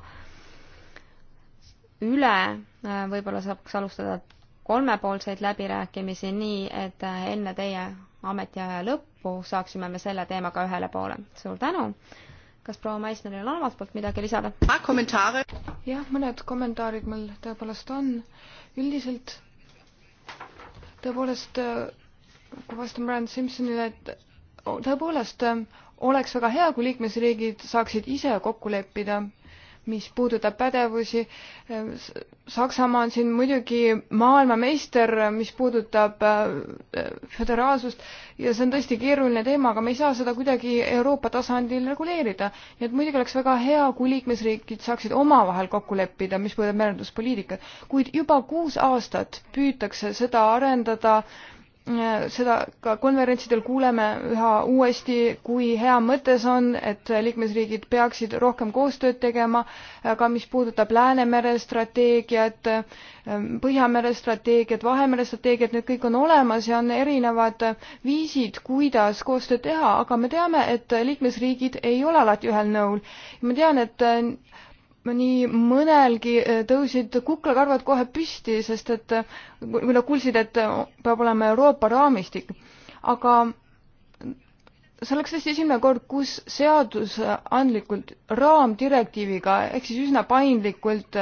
üle, võib-olla saaks alustada kolmepoolseid läbirääkimisi nii, et enne teie ametiaja lõppu saaksime me selle teemaga ühele poole. suur tänu! kas proua Maisneril on omalt poolt midagi lisada? jah, mõned kommentaarid mul tõepoolest on. üldiselt tõepoolest äh, kui vastan Brian Simpsonile, et oh, tõepoolest ähm, oleks väga hea, kui liikmesriigid saaksid ise kokku leppida, mis puudutab pädevusi. Ähm, Saksamaa on siin muidugi maailmameister, ähm, mis puudutab äh, föderaalsust ja see on tõesti keeruline teema, aga me ei saa seda kuidagi Euroopa tasandil reguleerida. nii et muidugi oleks väga hea, kui liikmesriigid saaksid omavahel kokku leppida, mis puudutab merenduspoliitikat, kuid juba kuus aastat püütakse seda arendada äh, Äh, seda ka konverentsidel kuuleme üha uuesti, kui hea mõte see on, et liikmesriigid peaksid rohkem koostööd tegema, aga mis puudutab Läänemere strateegiat, äh, Põhjamere strateegiat, Vahemere strateegiat, need kõik on olemas ja on erinevad viisid, kuidas koostööd teha, aga me teame, et liikmesriigid ei ole alati ühel nõul. ma tean, et nii mõnelgi eh, tõusid kuklakarvad kohe püsti, sest et eh, kui nad kuulsid, et eh, peab olema Euroopa raamistik, aga see oleks tõesti esimene kord, kus seadusandlikult raamdirektiiviga ehk siis üsna paindlikult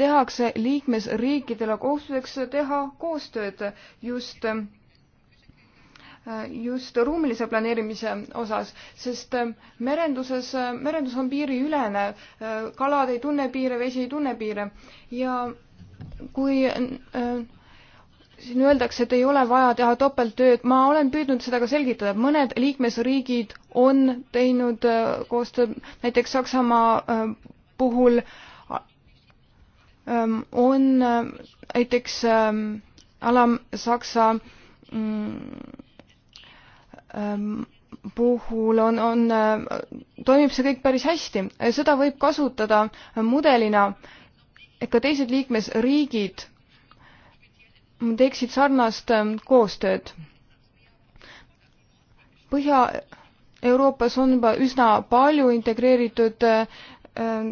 tehakse liikmesriikidele kohustuseks teha koostööd just just ruumilise planeerimise osas, sest äh, merenduses, äh, merendus on piiriülene, äh, kalad ei tunne piire, vesi ei tunne piire ja kui siin öeldakse, et ei ole vaja teha topelttööd, ma olen püüdnud seda ka selgitada, et mõned liikmesriigid on teinud koostööd, näiteks Saksamaa puhul ähm, on näiteks ähm, alam-Saksa mm, Ähm, puhul on, on, äh, toimib see kõik päris hästi. seda võib kasutada mudelina, et ka teised liikmesriigid teeksid sarnast ähm, koostööd. Põhja-Euroopas on juba üsna palju integreeritud äh, äh,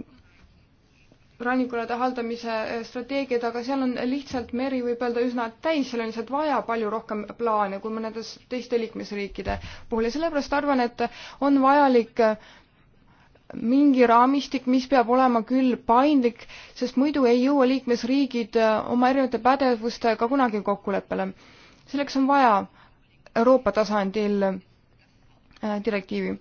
rannikulade haldamise eh, strateegiad, aga seal on lihtsalt meri, võib öelda, üsna täis, seal on lihtsalt vaja palju rohkem plaane kui mõnedes teiste liikmesriikide puhul ja sellepärast arvan, et on vajalik eh, mingi raamistik, mis peab olema küll paindlik, sest muidu ei jõua liikmesriigid eh, oma erinevate pädevustega kunagi kokkuleppele. selleks on vaja Euroopa tasandil direktiivi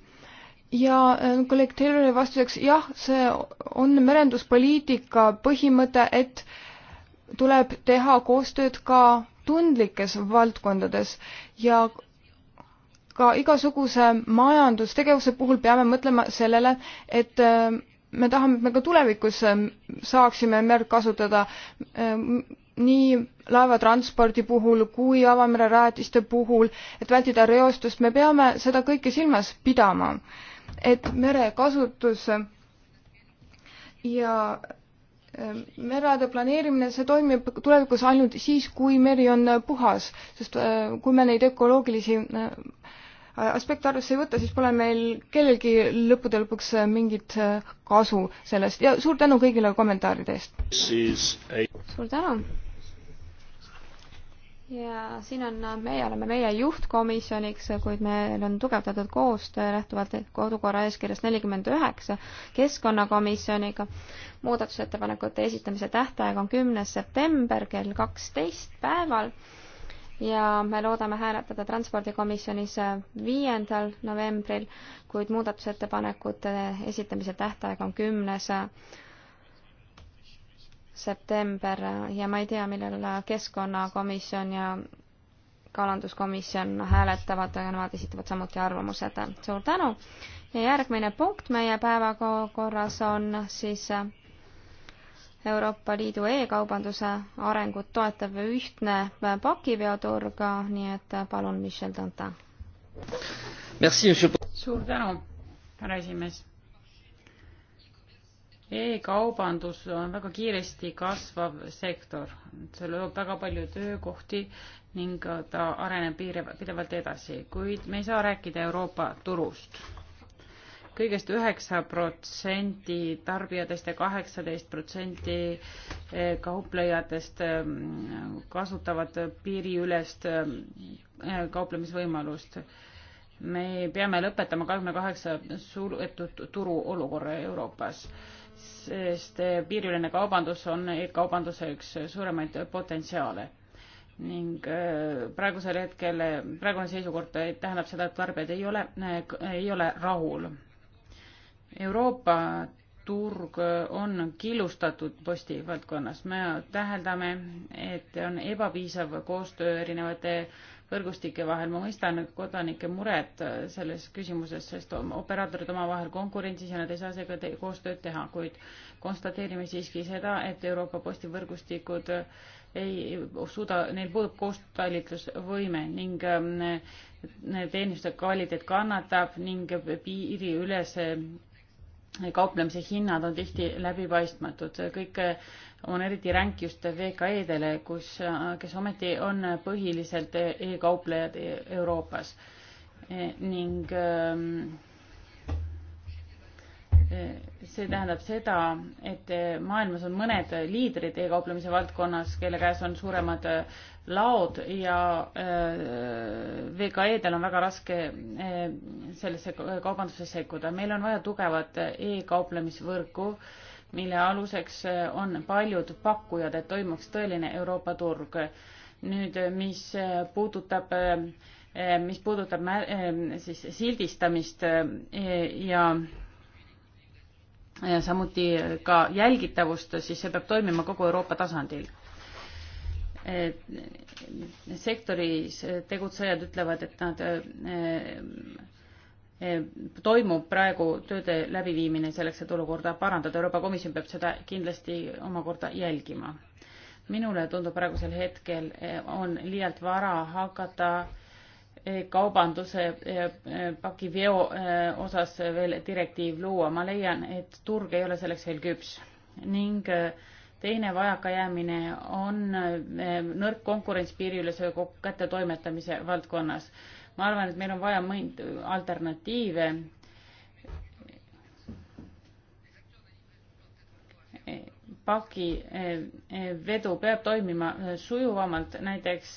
ja äh, kolleeg Taylori vastuseks, jah, see on merenduspoliitika põhimõte, et tuleb teha koostööd ka tundlikes valdkondades ja ka igasuguse majandustegevuse puhul peame mõtlema sellele, et äh, me tahame, et me ka tulevikus äh, saaksime merd kasutada nii laevatranspordi puhul kui avamererajatiste puhul, et vältida reostust, me peame seda kõike silmas pidama et merekasutus ja ähm, merade planeerimine, see toimib tulevikus ainult siis, kui meri on äh, puhas, sest äh, kui me neid ökoloogilisi äh, aspekte arvesse ei võta, siis pole meil kellelgi lõppude lõpuks mingit kasu sellest ja suur tänu kõigile kommentaaride eest. suur tänu ja siin on, meie oleme meie juhtkomisjoniks, kuid meil on tugevdatud koostöö lähtuvalt kodukorra eeskirjast nelikümmend üheksa keskkonnakomisjoniga. muudatusettepanekute esitamise tähtaeg on kümnes september kell kaksteist päeval ja me loodame hääletada transpordikomisjonis viiendal novembril, kuid muudatusettepanekute esitamise tähtaeg on kümnes 10 september ja ma ei tea, millal keskkonnakomisjon ja kalanduskomisjon hääletavad, aga nemad esitavad samuti arvamused. suur tänu ja järgmine punkt meie päevakorras on siis Euroopa Liidu e-kaubanduse arengut toetav ühtne pakiveoturg, nii et palun, Michel Dantin. suur tänu, härra esimees e-kaubandus on väga kiiresti kasvav sektor, see loob väga palju töökohti ning ta areneb pidevalt edasi, kuid me ei saa rääkida Euroopa turust kõigest üheksa protsenti tarbijatest ja kaheksateist protsenti eh, kauplejatest ehm, kasutavad piiriülest ehm, eh, kauplemisvõimalust. me peame lõpetama kahekümne kaheksa suletud turu olukorra Euroopas sest eh, piiriülene kaubandus on e-kaubanduse üks suuremaid potentsiaale ning eh, praegusel hetkel, eh, praegune seisukord tähendab seda, et tarbijad ei ole, ei ole rahul. Euroopa turg on killustatud posti valdkonnas, me täheldame, et on ebapiisav koostöö erinevate võrgustike vahel. ma mõistan kodanike muret selles küsimuses, sest operaatorid omavahel konkurentsis ja nad ei saa seega te koostööd teha, kuid konstateerime siiski seda, et Euroopa postivõrgustikud ei suuda, neil puudub koostalitlusvõime ning ähm, teenuste kvaliteet kannatab ning piiriülese kauplemise hinnad on tihti läbipaistmatud. kõik on eriti ränk just VKE-dele, kus, kes ometi on põhiliselt e-kauplejad e-, Euroopas e ning ähm, e see tähendab seda, et maailmas on mõned liidrid e-kauplemise valdkonnas, kelle käes on suuremad laod ja äh, VKE-del on väga raske äh, sellesse kaubandusesse sekkuda. meil on vaja tugevat e-kauplemisvõrku mille aluseks eh, on paljud pakkujad, et toimuks tõeline Euroopa turg. nüüd, eh, eh, mis puudutab, mis puudutab siis sildistamist ja ja samuti ka jälgitavust, siis see peab toimima kogu Euroopa tasandil sektoris tegutsejad ütlevad, et nad Eh, toimub praegu tööde läbiviimine selleks, et olukorda parandada. Euroopa Komisjon peab seda kindlasti omakorda jälgima. minule tundub praegusel hetkel eh, on liialt vara hakata eh, kaubanduse pakiveo osas veel direktiiv luua. ma leian, et turg ei ole selleks veel küps ning teine vajakajäämine on nõrk konkurents piiriülese kättetoimetamise valdkonnas ma arvan, et meil on vaja mõnd alternatiive. paki eh, eh, vedu peab toimima eh, sujuvamalt, näiteks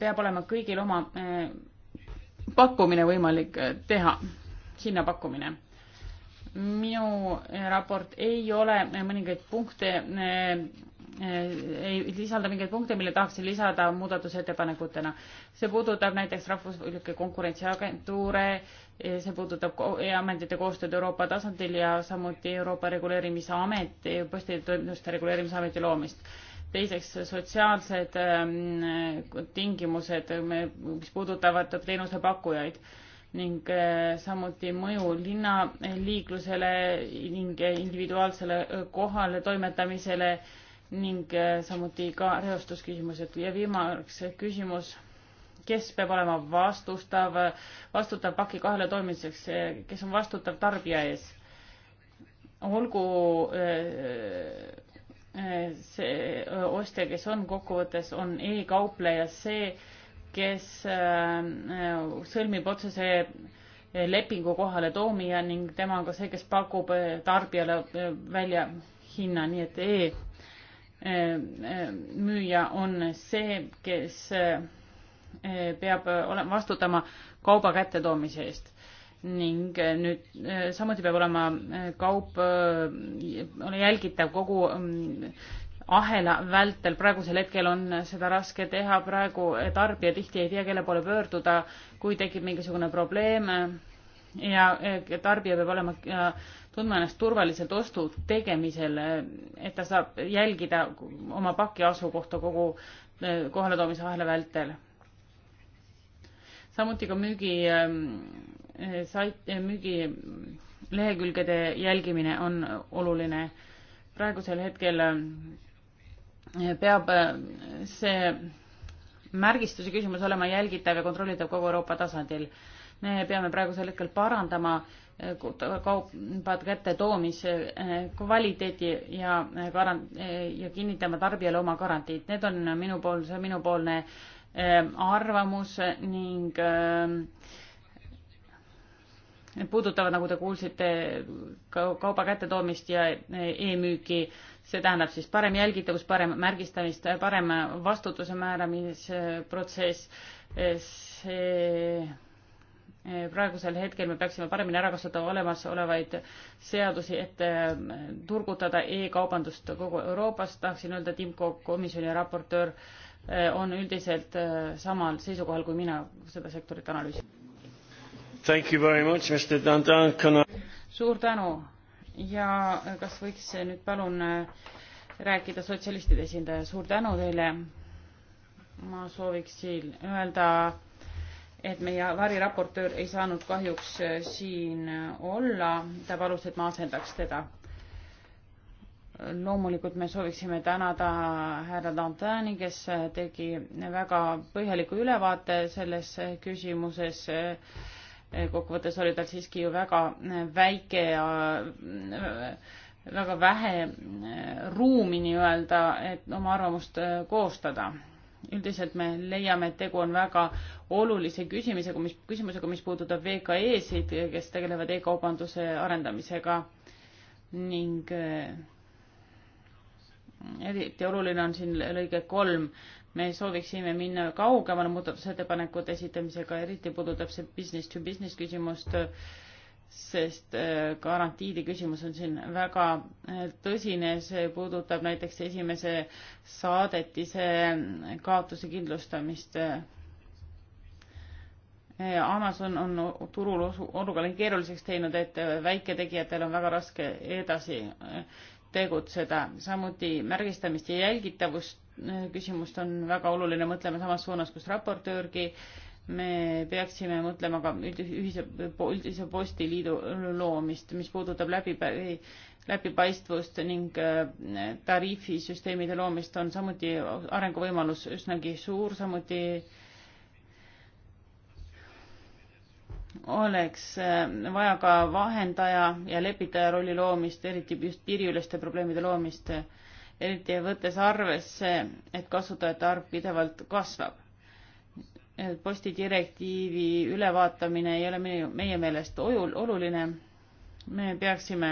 peab olema kõigil oma pakkumine võimalik teha, hinnapakkumine minu raport ei ole mõningaid punkte ei lisalda mingeid punkte, mille tahaksin lisada muudatusettepanekutena. see puudutab näiteks rahvuslikke konkurentsiagentuure, see puudutab e-ametite koostööd Euroopa tasandil ja samuti Euroopa Reguleerimisamet, postitoimetuste Reguleerimisameti loomist. teiseks, sotsiaalsed ähm, tingimused, mis puudutavad teenusepakkujaid ning äh, samuti mõju linnaliiklusele ning individuaalsele äh, kohale toimetamisele ning äh, samuti ka reostusküsimused ja viimaks küsimus, kes peab olema vastustav, vastutav paki kahele toimimiseks, äh, kes on vastutav tarbija ees? olgu äh, see ostja, kes on kokkuvõttes, on e-kaupleja see, kes sõlmib otsese lepingu kohale toomija ning tema on ka see, kes pakub tarbijale välja hinna, nii et e Ehm, ehm, müüja on see, kes ehm, peab eh, olema, vastutama kauba kättetoomise eest ning eh, nüüd eh, samuti peab olema kaup jälgitav kogu mm, ahela vältel, praegusel hetkel on seda raske teha, praegu tarbija tihti ei tea, kelle poole pöörduda, kui tekib mingisugune probleem ja tarbija peab olema tundma ennast turvaliselt ostu tegemisel, et ta saab jälgida oma paki asukohta kogu eh, kohaletoomise ahela vältel. samuti ka müügi eh, sait-, eh, müügilehekülgede jälgimine on oluline. praegusel hetkel peab see märgistuse küsimus olema jälgitav ja kontrollitav kogu Euroopa tasandil. me peame praegusel hetkel parandama äh, kaupade kättetoomise eh, kvaliteedi ja eh, garant- eh, ja kinnitama tarbijale oma garantiid. Need on minupoolse, minupoolne arvamus ning need puudutavad, nagu te kuulsite, kauba kättetoomist ja e-müüki, see tähendab siis parem jälgitavus, parem märgistamist, parem vastutuse määramisprotsess, see praegusel hetkel me peaksime paremini ära kasutama olemasolevaid seadusi, et äh, turgutada e-kaubandust kogu Euroopas. tahaksin öelda, et IMCO komisjoni raportöör äh, on üldiselt äh, samal seisukohal kui mina seda sektorit analüüsin. suur tänu ja kas võiks nüüd palun rääkida sotsialistide esindaja, suur tänu teile. ma sooviksin öelda et meie variraportöör ei saanud kahjuks äh, siin äh, olla, ta palus, et ma asendaks teda. loomulikult me sooviksime tänada härra Dantani, kes äh, tegi väga põhjaliku ülevaate selles küsimuses. kokkuvõttes oli tal siiski ju väga väike ja väga vähe ruumi nii-öelda, et oma arvamust koostada üldiselt me leiame, et tegu on väga olulise küsimusega, mis, küsimusega, mis puudutab VKE-sid, kes tegelevad e-kaubanduse arendamisega ning eh, eriti oluline on siin lõige kolm. me sooviksime minna kaugemale muudatusettepanekute esitamisega, eriti puudutab see business to business küsimust äh, sest äh, garantiide küsimus on siin väga äh, tõsine, see puudutab näiteks esimese saadetise äh, kaotuse kindlustamist. Amazon on turul olukorra keeruliseks teinud, et väiketegijatel on väga raske edasi tegutseda, samuti märgistamist ja jälgitavust küsimust on väga oluline, mõtleme samas suunas, kus raportöörgi äh, me peaksime mõtlema ka ühise, üldise postiliidu loomist, mis puudutab läbi, läbipaistvust ning äh, tariifisüsteemide loomist, on samuti arenguvõimalus üsnagi suur, samuti oleks äh, vaja ka vahendaja ja lepitaja rolli loomist, eriti just piiriüleste probleemide loomist, eriti võttes arvesse, et kasutajate arv pidevalt kasvab postidirektiivi ülevaatamine ei ole meie, meie meelest ojul, oluline. me peaksime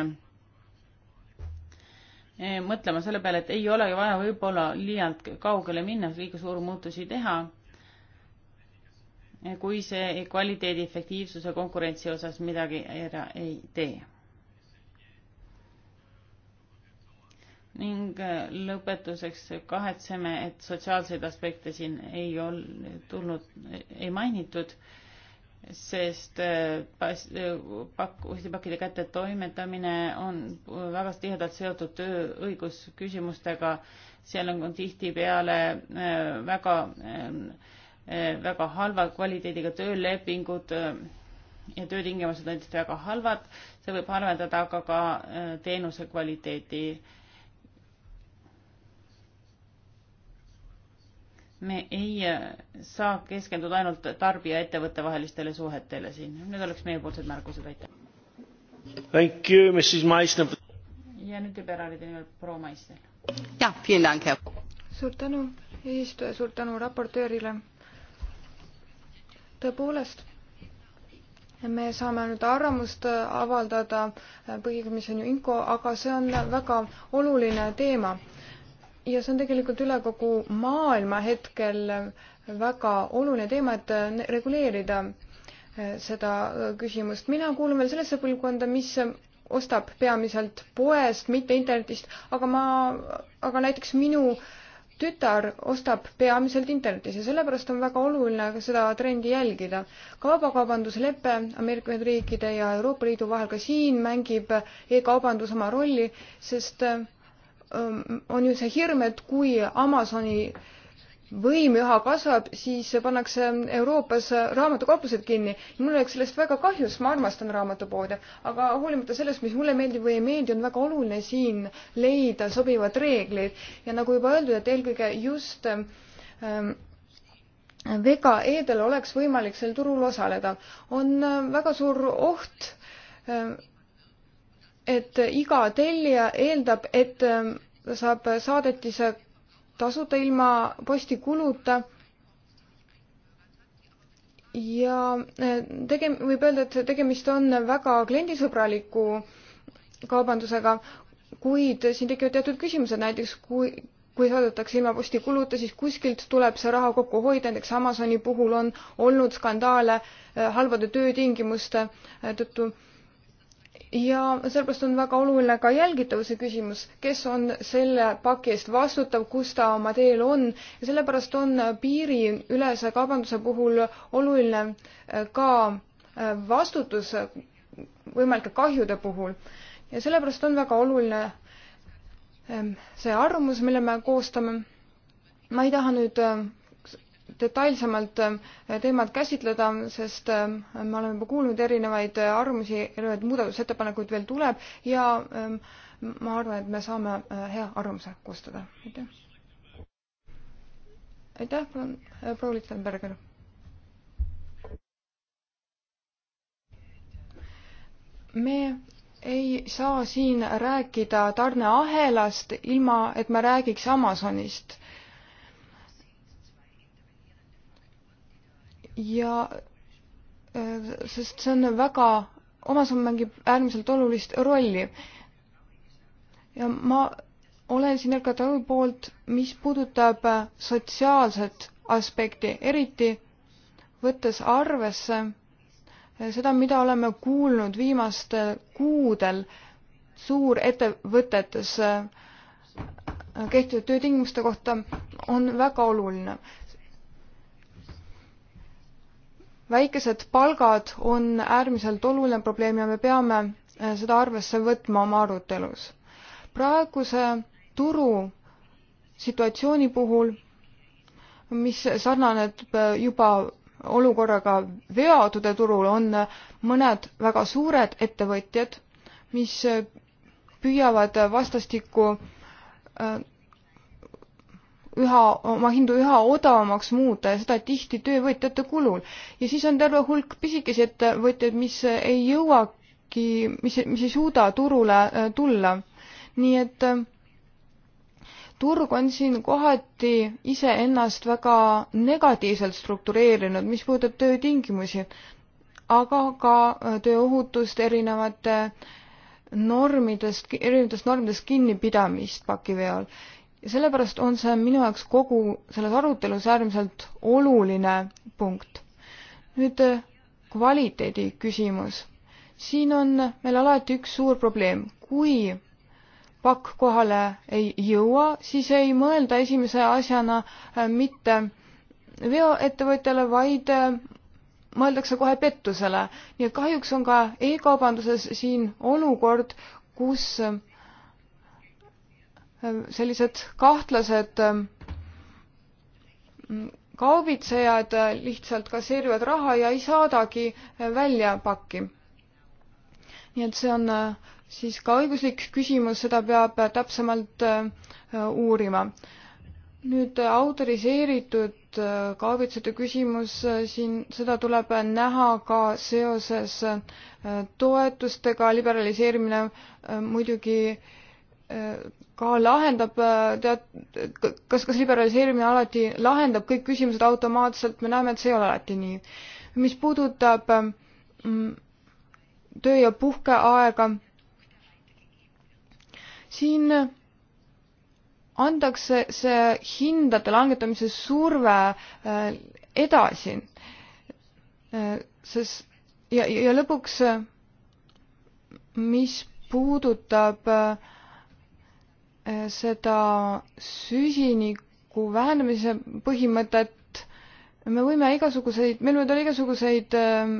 eh, mõtlema selle peale, et ei ole vaja võib-olla liialt kaugele minna, liiga suuri muutusi teha. Eh, kui see kvaliteedi, efektiivsuse, konkurentsi osas midagi ära ei tee ning äh, lõpetuseks kahetseme, et sotsiaalseid aspekte siin ei ol-, tulnud, ei mainitud, sest äh, pas-, pakk, ustipakkide kätte toimetamine on väga tihedalt seotud tööõigusküsimustega, seal on tihtipeale äh, väga, ähm, väga halva kvaliteediga töölepingud ja töötingimused on lihtsalt väga halvad, see võib halvendada aga ka teenuse kvaliteeti me ei äh, saa keskenduda ainult tarbija ettevõtte vahelistele suhetele siin. Need oleks meiepoolsed märkused, aitäh. Thank you, Mrs Meissner. ja nüüd liberaalide nimel proua Meissner. jah, vielen Dank, Herr. suur tänu, eesistuja, suur tänu raportöörile. tõepoolest, me saame nüüd arvamust avaldada põhikomisjoni INCO, aga see on väga oluline teema ja see on tegelikult üle kogu maailma hetkel väga oluline teema, et äh, reguleerida äh, seda äh, küsimust. mina kuulun veel sellesse põlvkonda, mis ostab peamiselt poest, mitte internetist, aga ma, aga näiteks minu tütar ostab peamiselt internetis ja sellepärast on väga oluline ka seda trendi jälgida. ka vabakaubanduslepe Ameerika Ühendriikide ja Euroopa Liidu vahel, ka siin mängib e-kaubandus oma rolli, sest äh, on ju see hirm, et kui Amazoni võim üha kasvab, siis pannakse Euroopas raamatukauplused kinni. mul oleks sellest väga kahju, sest ma armastan raamatupoode, aga hoolimata sellest, mis mulle meeldib või ei meeldi, on väga oluline siin leida sobivad reeglid ja nagu juba öeldud, et eelkõige just ähm, VKE-del oleks võimalik sel turul osaleda. on äh, väga suur oht ähm, et iga tellija eeldab, et ähm, saab saadetise tasuda ilma postikuluta ja äh, tegem-, võib öelda, et tegemist on väga kliendisõbraliku kaubandusega, kuid siin tekivad teatud küsimused, näiteks kui, kui saadetakse ilma postikuluta, siis kuskilt tuleb see raha kokku hoida, näiteks Amazoni puhul on olnud skandaale äh, halvade töötingimuste äh, tõttu ja sellepärast on väga oluline ka jälgitavuse küsimus, kes on selle paki eest vastutav, kus ta oma teel on ja sellepärast on piiriülese kaubanduse puhul oluline äh, ka äh, vastutus äh, võimalike kahjude puhul. ja sellepärast on väga oluline ähm, see arvamus, mille me koostame. ma ei taha nüüd detailsemalt äh, teemat käsitleda, sest äh, me oleme juba kuulnud erinevaid äh, arvamusi, erinevaid muudatusettepanekuid veel tuleb ja ähm, ma arvan, et me saame hea arvamuse koostada. aitäh. aitäh, proua Lichtenberger. me ei saa siin rääkida tarneahelast, ilma et me räägiks Amazonist ja äh, sest see on väga, omasamm mängib äärmiselt olulist rolli. ja ma olen siin EKTÜ poolt, mis puudutab äh, sotsiaalset aspekti, eriti võttes arvesse äh, seda, mida oleme kuulnud viimastel kuudel suurettevõtetes kehtivate töötingimuste kohta, on väga oluline väikesed palgad on äärmiselt oluline probleem ja me peame eh, seda arvesse võtma oma arutelus. praeguse turu situatsiooni puhul, mis sarnaneb eh, juba olukorraga veoautode turul, on mõned väga suured ettevõtjad, mis püüavad vastastikku eh, üha, oma hindu üha odavamaks muuta ja seda tihti töövõtjate kulul. ja siis on terve hulk pisikesi ettevõtjaid, mis ei jõuagi, mis, mis ei suuda turule äh, tulla. nii et äh, turg on siin kohati iseennast väga negatiivselt struktureerinud, mis puudutab töötingimusi, aga ka äh, tööohutust erinevate normidest, erinevatest normidest kinnipidamist pakiveol ja sellepärast on see minu jaoks kogu selles arutelus äärmiselt oluline punkt. nüüd äh, kvaliteedi küsimus. siin on meil alati üks suur probleem. kui pakk kohale ei jõua, siis ei mõelda esimese asjana äh, mitte veoettevõtjale, vaid äh, mõeldakse kohe pettusele. nii et kahjuks on ka e-kaubanduses siin olukord, kus Äh, sellised kahtlased ähm, kaubitsejad äh, lihtsalt kasseerivad raha ja ei saadagi äh, välja pakki. nii et see on siis ka õiguslik küsimus, seda peab täpsemalt uurima. nüüd autoriseeritud kaubitsejate küsimus, siin seda tuleb näha ka seoses toetustega, liberaliseerimine muidugi ka lahendab tead-, kas, kas liberaliseerimine alati lahendab kõik küsimused automaatselt, me näeme, et see ei ole alati nii. mis puudutab mm, töö- ja puhkeaega, siin antakse see hindade langetamise surve äh, edasi, äh, sest ja, ja lõpuks, äh, mis puudutab äh, seda süsiniku vähendamise põhimõtet, me võime igasuguseid, meil võivad olla igasuguseid ähm,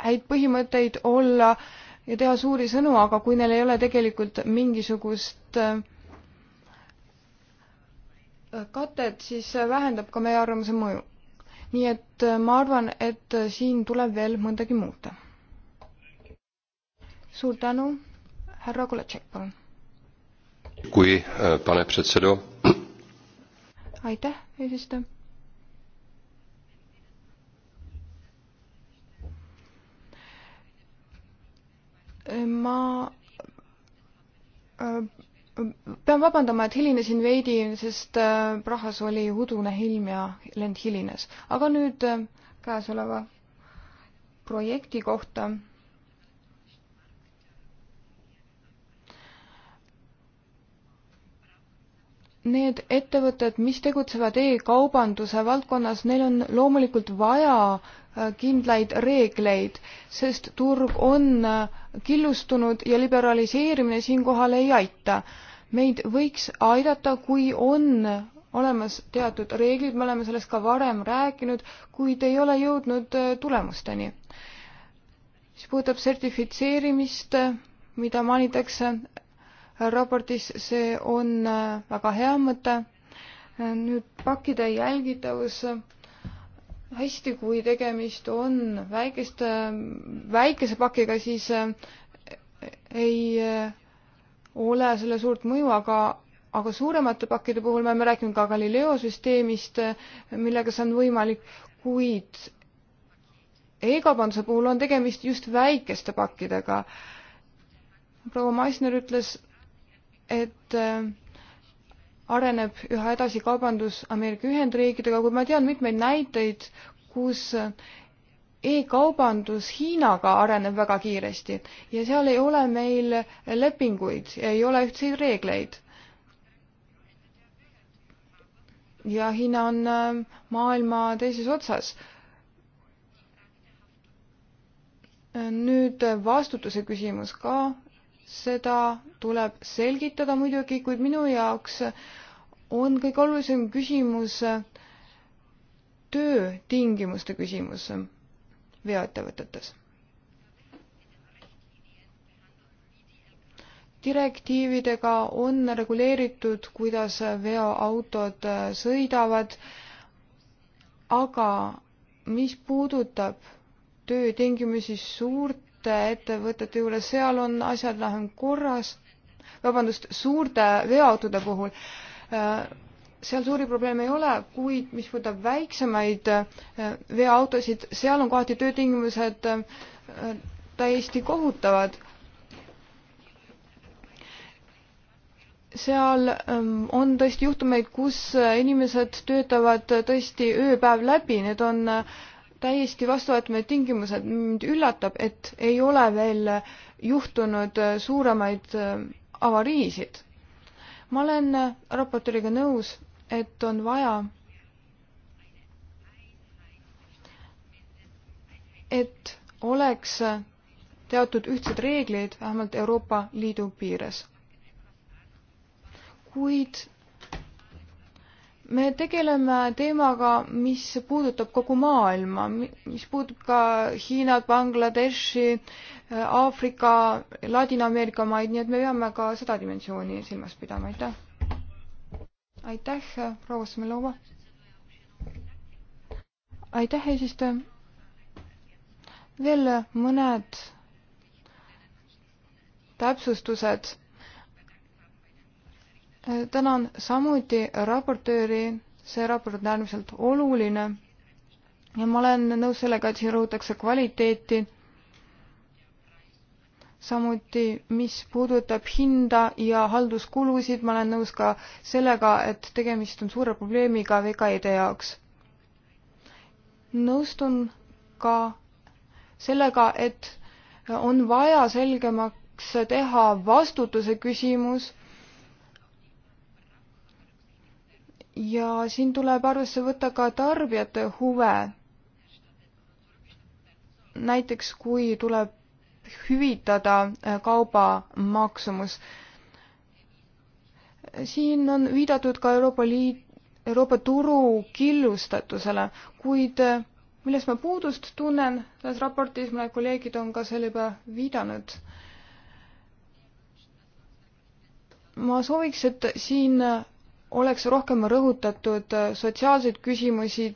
häid põhimõtteid olla ja teha suuri sõnu, aga kui neil ei ole tegelikult mingisugust äh, katet, siis see vähendab ka meie arvamuse mõju. nii et äh, ma arvan, et siin tuleb veel mõndagi muuta. suur tänu, härra Koletšek, palun kui eh, paneb Setsedo. aitäh, eesistuja. ma eh, pean vabandama, et hilinesin veidi, sest eh, Prahas oli udune ilm ja lend hilines, aga nüüd käesoleva projekti kohta need ettevõtted, mis tegutsevad e-kaubanduse valdkonnas, neil on loomulikult vaja äh, kindlaid reegleid, sest turg on äh, killustunud ja liberaliseerimine siinkohal ei aita. meid võiks aidata, kui on olemas teatud reeglid, me oleme sellest ka varem rääkinud, kuid ei ole jõudnud äh, tulemusteni. mis puudutab sertifitseerimist, mida mainitakse raportis, see on äh, väga hea mõte. nüüd pakkide jälgitavus. hästi, kui tegemist on väikeste, väikese pakiga, siis äh, ei äh, ole selle suurt mõju, aga aga suuremate pakkide puhul me oleme rääkinud ka Galileo süsteemist, millega see on võimalik, kuid e-kaubanduse puhul on tegemist just väikeste pakkidega. proua Maisner ütles, et äh, areneb üha edasi kaubandus Ameerika Ühendriikidega, kuid ma tean mitmeid näiteid, kus äh, e-kaubandus Hiinaga areneb väga kiiresti ja seal ei ole meil lepinguid, ei ole ühtseid reegleid. ja Hiina on äh, maailma teises otsas. nüüd vastutuse küsimus ka seda tuleb selgitada muidugi, kuid minu jaoks on kõige olulisem küsimus töötingimuste küsimus veoettevõtetes. direktiividega on reguleeritud, kuidas veoautod sõidavad, aga mis puudutab töötingimusi suurt suurte ettevõtete juures, seal on asjad vähem korras, vabandust, suurte veoautode puhul, äh, seal suuri probleeme ei ole, kuid mis puudutab väiksemaid äh, veoautosid, seal on kohati töötingimused äh, täiesti kohutavad. seal ähm, on tõesti juhtumeid, kus inimesed töötavad tõesti ööpäev läbi, need on äh, täiesti vastuvõtmed tingimused. mind üllatab, et ei ole veel juhtunud suuremaid äh, avariisid. ma olen äh, raportööriga nõus, et on vaja, et oleks äh, teatud ühtsed reeglid vähemalt Euroopa Liidu piires. kuid me tegeleme teemaga, mis puudutab kogu maailma, mis puudutab ka Hiinat, Bangladeshi, Aafrika, Ladina-Ameerika maid, nii et me peame ka seda dimensiooni silmas pidama, aitäh. aitäh, proua Smelova. aitäh, eesistuja. veel mõned täpsustused tänan samuti raportööri, see raport on äärmiselt oluline ja ma olen nõus sellega, et siin rõhutakse kvaliteeti. samuti, mis puudutab hinda ja halduskulusid, ma olen nõus ka sellega, et tegemist on suure probleemiga vegaide jaoks. nõustun ka sellega, et on vaja selgemaks teha vastutuse küsimus ja siin tuleb arvesse võtta ka tarbijate huve. näiteks kui tuleb hüvitada äh, kauba maksumus. siin on viidatud ka Euroopa Liit, Euroopa turu killustatusele, kuid äh, millest ma puudust tunnen selles raportis, mõned kolleegid on ka selle juba viidanud. ma sooviks, et siin äh, oleks rohkem rõhutatud äh, sotsiaalseid küsimusi,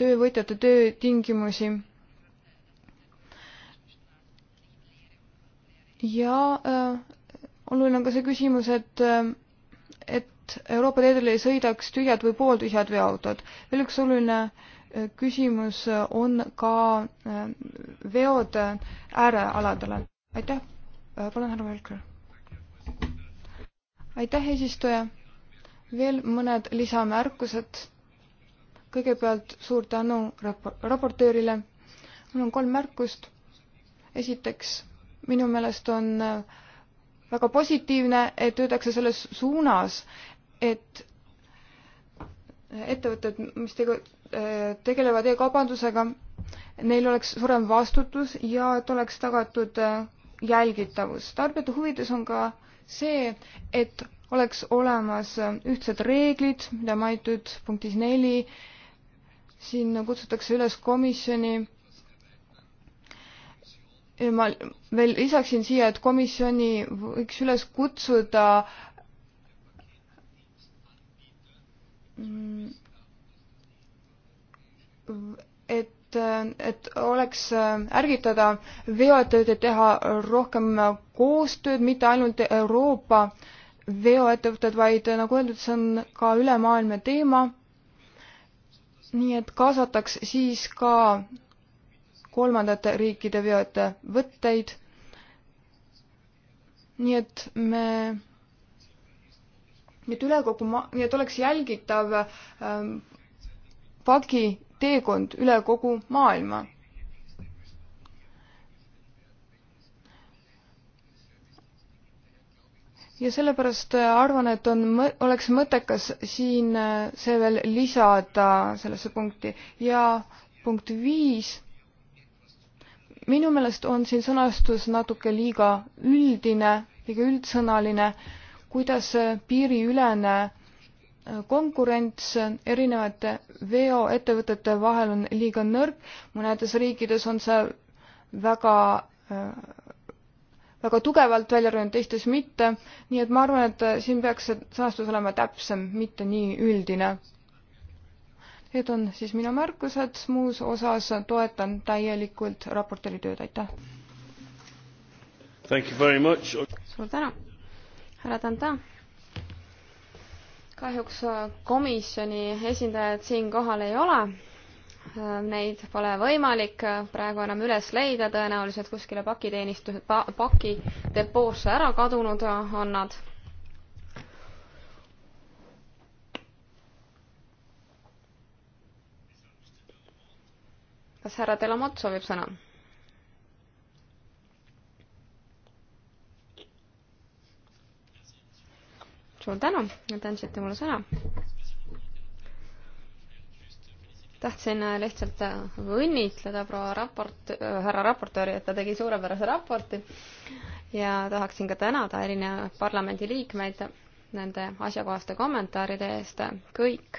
töövõtjate töötingimusi. ja äh, oluline on ka see küsimus, et äh, et Euroopa teedel ei sõidaks tühjad või pooltühjad veoautod. veel üks oluline äh, küsimus äh, on ka äh, veod äh, äärealadele. aitäh äh,, palun härra Velker. aitäh, eesistuja veel mõned lisamärkused. kõigepealt suur tänu raportöörile. mul on kolm märkust. esiteks, minu meelest on äh, väga positiivne, et töötakse selles suunas, et ettevõtted, mis tegu-, äh, tegelevad e-kaubandusega, neil oleks suurem vastutus ja et oleks tagatud äh, jälgitavus. tarbijate huvides on ka see, et oleks olemas ühtsed reeglid, mida mainitud punktis neli. siin kutsutakse üles komisjoni. ma veel lisaksin siia, et komisjoni võiks üles kutsuda et, et oleks ärgitada veoettevõtjaid teha rohkem koostööd, mitte ainult Euroopa äh, veoettevõtted, vaid nagu öeldud, see on ka ülemaailmne teema. nii et kaasataks siis ka kolmandate riikide veoettevõtteid. nii et me, nii et üle kogu ma-, nii et oleks jälgitav ähm, pagi teekond üle kogu maailma ja sellepärast äh, arvan, et on, oleks mõttekas siin äh, see veel lisada sellesse punkti ja punkt viis. minu meelest on siin sõnastus natuke liiga üldine, liiga üldsõnaline, kuidas äh, piiriülene konkurents erinevate veoettevõtete vahel on liiga nõrk, mõnedes riikides on see väga väga tugevalt välja arenenud, teistes mitte, nii et ma arvan, et äh, siin peaks see sõnastus olema täpsem, mitte nii üldine. Need on siis minu märkused, muus osas toetan täielikult raportööri tööd, aitäh! suur tänu, härra Tanta! kahjuks äh, komisjoni esindajad siin kohal ei ole neid pole võimalik äh, praegu enam üles leida, tõenäoliselt kuskile pakiteenistus- pa,, pakidepoosse ära kadunud äh, on nad. kas härra Delamott soovib sõna? suur tänu, et andsite mulle sõna tahtsin äh, lihtsalt äh, õnnitleda proua raport, äh, härra raportööri, et ta tegi suurepärase raporti ja tahaksin ka tänada erinevaid parlamendiliikmeid nende asjakohaste kommentaaride eest. kõik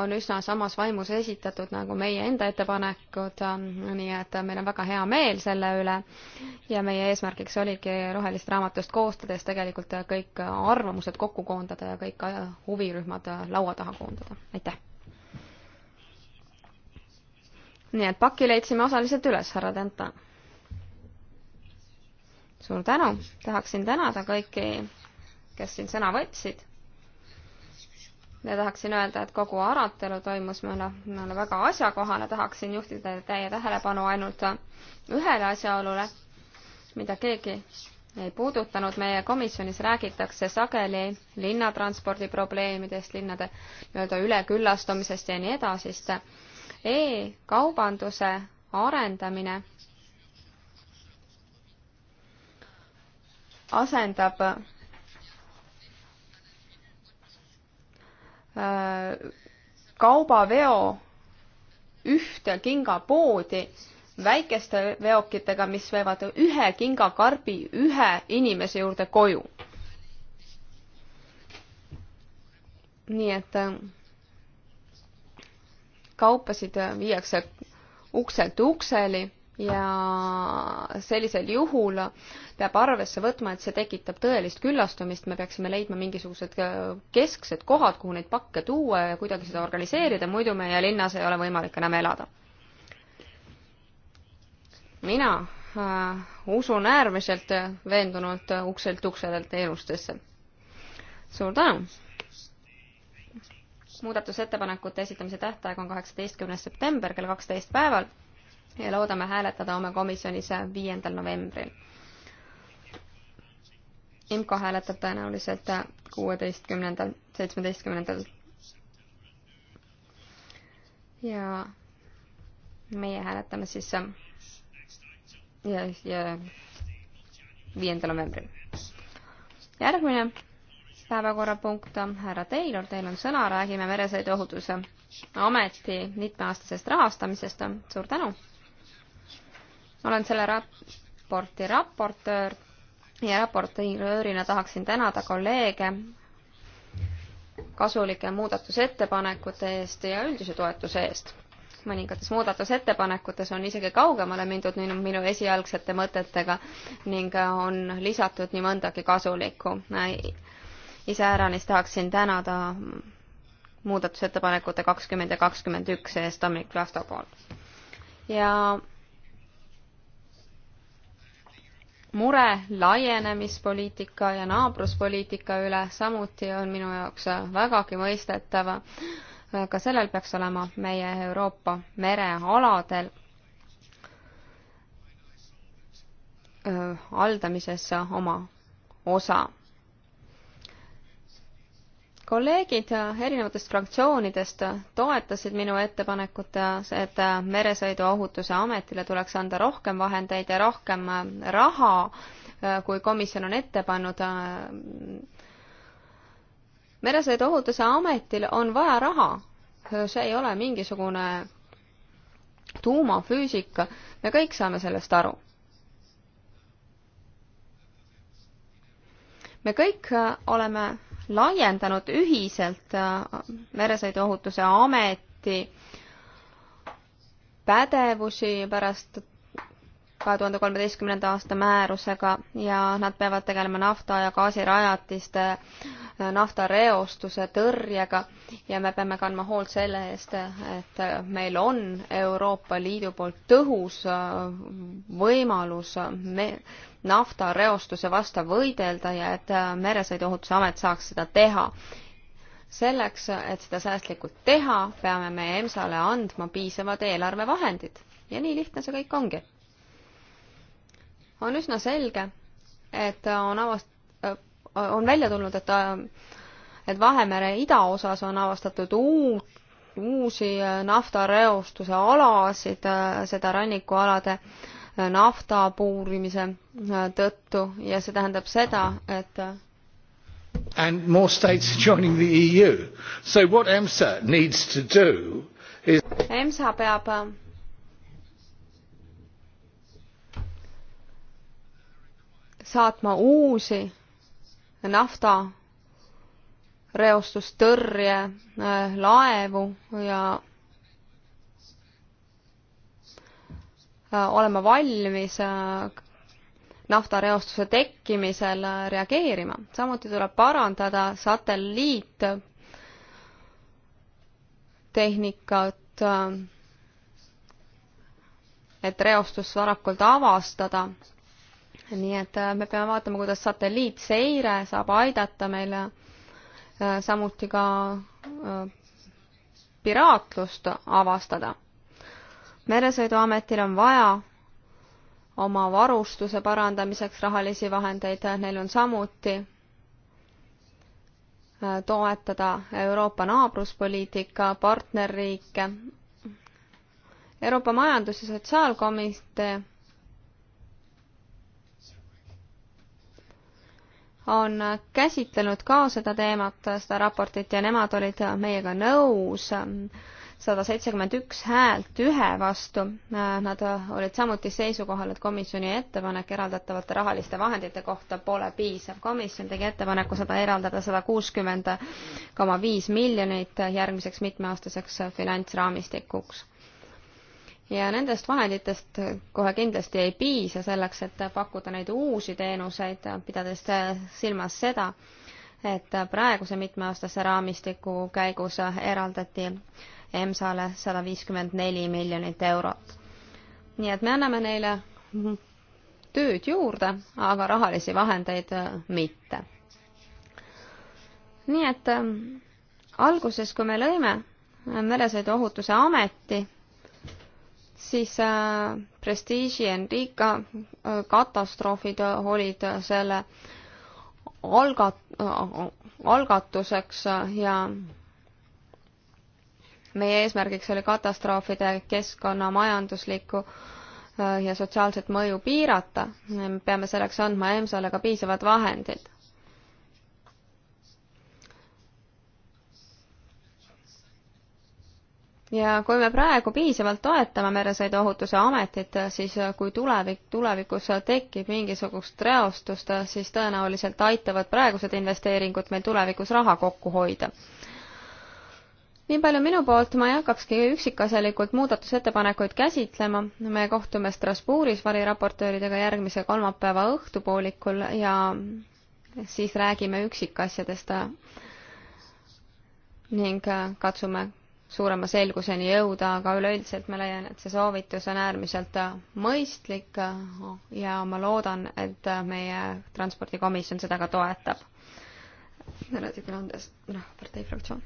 on üsna samas vaimus esitatud nagu meie enda ettepanekud, nii et meil on väga hea meel selle üle ja meie eesmärgiks oligi Rohelist raamatust koostades tegelikult kõik arvamused kokku koondada ja kõik huvirühmad laua taha koondada. aitäh! nii et paki leidsime osaliselt üles, härra Denton. suur tänu, tahaksin tänada kõiki, kes siin sõna võtsid. ja tahaksin öelda, et kogu arutelu toimus meile, meile väga asjakohane, tahaksin juhtida teie tähelepanu ainult ühele asjaolule, mida keegi ei puudutanud, meie komisjonis räägitakse sageli linnatranspordi probleemidest, linnade nii-öelda üleküllastumisest ja nii edasist e-kaubanduse arendamine asendab äh, kaubaveo ühte kingapoodi väikeste veokitega, mis veevad ühe kingakarbi ühe inimese juurde koju. nii et äh, kaupasid viiakse ukselt ukseli ja sellisel juhul peab arvesse võtma, et see tekitab tõelist küllastumist, me peaksime leidma mingisugused äh, kesksed kohad, kuhu neid pakke tuua ja kuidagi seda organiseerida, muidu meie linnas ei ole võimalik enam elada. mina äh, usun äärmiselt veendunult ukselt ukselelt teenustesse. suur tänu! muudatusettepanekute esitamise tähtaeg on kaheksateistkümnes september kell kaksteist päeval ja loodame hääletada oma komisjonis viiendal novembril. IMCO hääletab tõenäoliselt kuueteistkümnendal, seitsmeteistkümnendal. ja meie hääletame siis ja, ja viiendal novembril. järgmine päevakorrapunkt, härra Taylor, teil on sõna, räägime meresõiduohutuse ameti mitmeaastasest rahastamisest. suur tänu! olen selle raporti raportöör ja raportöörina tahaksin tänada kolleege kasulike muudatusettepanekute eest ja üldise toetuse eest. mõningates muudatusettepanekutes on isegi kaugemale mindud minu esialgsete mõtetega ning on lisatud nii mõndagi kasulikku iseäranis tahaksin tänada muudatusettepanekute kakskümmend ja kakskümmend üks eest Dominic Lasto poolt. ja mure laienemispoliitika ja naabruspoliitika üle samuti on minu jaoks vägagi mõistetav. ka sellel peaks olema meie Euroopa merealadel haldamises oma osa kolleegid erinevatest fraktsioonidest toetasid minu ettepanekut, et Meresõiduohutuse Ametile tuleks anda rohkem vahendeid ja rohkem raha, kui komisjon on ette pannud. meresõiduohutuse ametil on vaja raha, see ei ole mingisugune tuumafüüsika, me kõik saame sellest aru me kõik oleme laiendanud ühiselt äh, meresõiduohutuse ameti pädevusi pärast kahe tuhande kolmeteistkümnenda aasta määrusega ja nad peavad tegelema nafta ja gaasirajatiste äh, naftareostuse tõrjega ja me peame kandma hoolt selle eest, et meil on Euroopa Liidu poolt tõhus äh, võimalus me naftareostuse vastu võidelda ja et äh, Meresõiduohutusamet saaks seda teha. selleks, et seda säästlikult teha, peame me EMSA-le andma piisavad eelarvevahendid ja nii lihtne see kõik ongi. on üsna selge, et on avast-, äh, on välja tulnud, et äh, et Vahemere idaosas on avastatud uut uusi naftareostuse alasid, seda rannikualade äh, nafta puurimise äh, tõttu ja see tähendab seda, et äh, and more states joining the EU. So what EMSA needs to do is EMSA peab äh, saatma uusi nafta reostustõrje laevu ja Äh, olema valmis äh, naftareostuse tekkimisel äh, reageerima. samuti tuleb parandada satelliittehnikat, et reostust varakult avastada. nii et me peame vaatama, kuidas satelliitseire saab aidata meil samuti ka piraatlust avastada meresõiduametil on vaja oma varustuse parandamiseks rahalisi vahendeid, neil on samuti äh, toetada Euroopa naabruspoliitika partnerriike. Euroopa Majandus- ja Sotsiaalkomitee on käsitlenud ka seda teemat, seda raportit ja nemad olid meiega nõus sada seitsekümmend üks häält ühe vastu. Nad olid samuti seisukohal, et komisjoni ettepanek eraldatavate rahaliste vahendite kohta pole piisav. komisjon tegi ettepaneku seda eraldada sada kuuskümmend koma viis miljonit järgmiseks mitmeaastaseks finantsraamistikuks ja nendest vahenditest kohe kindlasti ei piisa selleks, et pakkuda neid uusi teenuseid, pidades silmas seda, et praeguse mitmeaastase raamistiku käigus eraldati EMSA-le sada viiskümmend neli miljonit eurot. nii et me anname neile tööd juurde, aga rahalisi vahendeid äh, mitte. nii et äh, alguses, kui me lõime äh, meresõiduohutuse ameti, siis äh, Prestige'i Enrica äh, katastroofid äh, olid selle algat- äh,, algatuseks ja äh, meie eesmärgiks oli katastroofide keskkonna majanduslikku äh, ja sotsiaalset mõju piirata, me peame selleks andma EMSA-le ka piisavad vahendid. ja kui me praegu piisavalt toetame Meresõiduohutuse Ametit, siis äh, kui tulevik, tulevikus tekib mingisugust reostust, äh, siis tõenäoliselt aitavad praegused investeeringud meil tulevikus raha kokku hoida nii palju minu poolt, ma ei hakkakski üksikasjalikult muudatusettepanekuid käsitlema, me kohtume Strasbourgis variraportööridega järgmise kolmapäeva õhtupoolikul ja siis räägime üksikasjadest ning katsume suurema selguseni jõuda, aga üleüldiselt ma leian, et see soovitus on äärmiselt mõistlik ja ma loodan, et meie transpordikomisjon seda ka toetab. härra Tigrandes, Rahvapartei noh, fraktsioon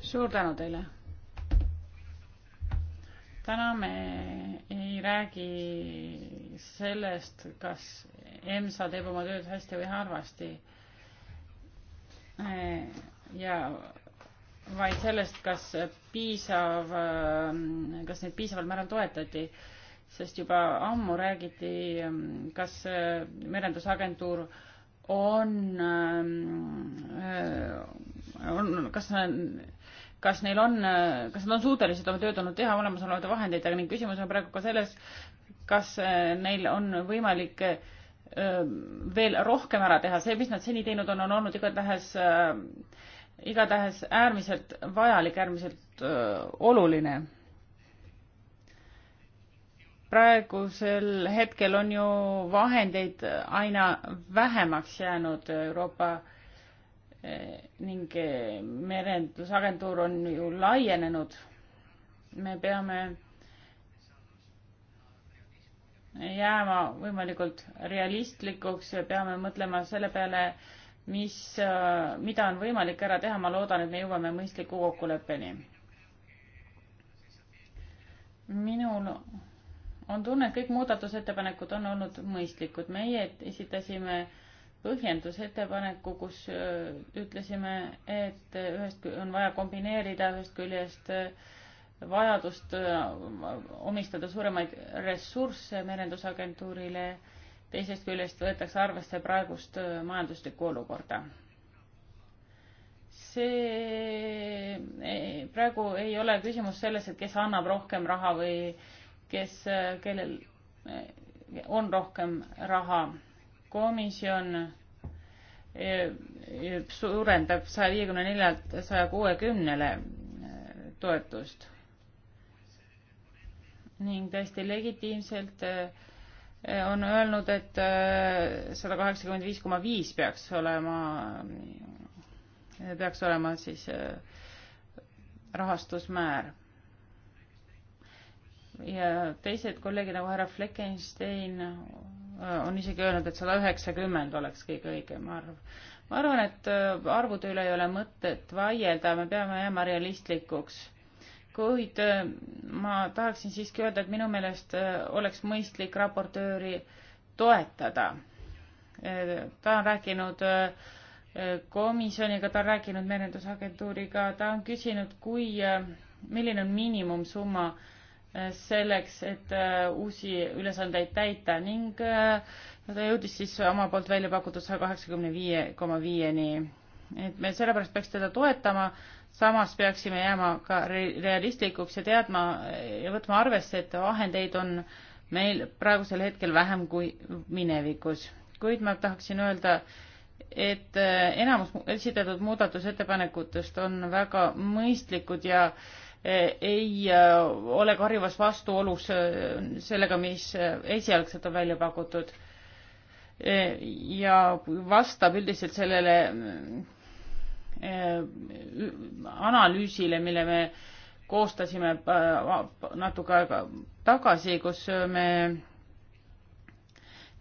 suur tänu teile. täna me ei räägi sellest, kas EMSA teeb oma tööd hästi või halvasti. Äh, ja vaid sellest, kas piisav, ähm, kas neid piisaval määral toetati, sest juba ammu räägiti, ähm, kas äh, merendusagentuur on, ähm, äh, on, kas, kas neil on, kas nad on suutelised oma tööd olnud teha olemasolevate vahenditega ning küsimus on praegu ka selles, kas äh, neil on võimalik äh, veel rohkem ära teha, see, mis nad seni teinud on, on olnud igatahes, igatahes äärmiselt vajalik, äärmiselt öö, oluline praegusel hetkel on ju vahendeid aina vähemaks jäänud Euroopa eh, ning eh, merendusagentuur on ju laienenud. me peame jääma võimalikult realistlikuks ja peame mõtlema selle peale, mis, eh, mida on võimalik ära teha, ma loodan, et me jõuame mõistliku kokkuleppeni. minul on tunne, et kõik muudatusettepanekud on olnud mõistlikud. meie esitasime põhjendusettepaneku, kus äh, ütlesime, et äh, ühest on vaja kombineerida ühest küljest äh, vajadust omistada suuremaid ressursse merendusagentuurile, teisest küljest võetakse arvesse praegust majanduslikku olukorda. see ei, praegu ei ole küsimus selles, et kes annab rohkem raha või äh, kes, kellel eh, on rohkem raha. komisjon eh, suurendab saja viiekümne neljalt saja kuuekümnele eh, toetust. ning täiesti legitiimselt on öelnud, et sada kaheksakümmend viis koma viis peaks olema, peaks olema siis rahastusmäär ja teised kolleegid nagu härra Fleckenstein äh, on isegi öelnud, et sada üheksakümmend oleks kõige õigem arv. ma arvan, et äh, arvude üle ei ole mõtet vaielda, me peame jääma realistlikuks. kuid äh, ma tahaksin siiski öelda, et minu meelest oleks mõistlik raportööri toetada. ta on rääkinud komisjoniga, ta on rääkinud merendusagentuuriga, ta on küsinud, kui, milline on miinimumsumma selleks, et äh, uusi ülesandeid täita ning äh, ta jõudis siis oma poolt välja pakutud saja kaheksakümne viie koma viieni. et me sellepärast peaks teda toetama, samas peaksime jääma ka realistlikuks ja teadma ja võtma arvesse, et vahendeid on meil praegusel hetkel vähem kui minevikus. kuid ma tahaksin öelda, et äh, enamus esitatud muudatusettepanekutest on väga mõistlikud ja äh, ei äh, ole karjuvas vastuolus äh, sellega, mis äh, esialgselt on välja pakutud. E, ja vastab üldiselt sellele analüüsile, mille me koostasime natuke aega tagasi, kus me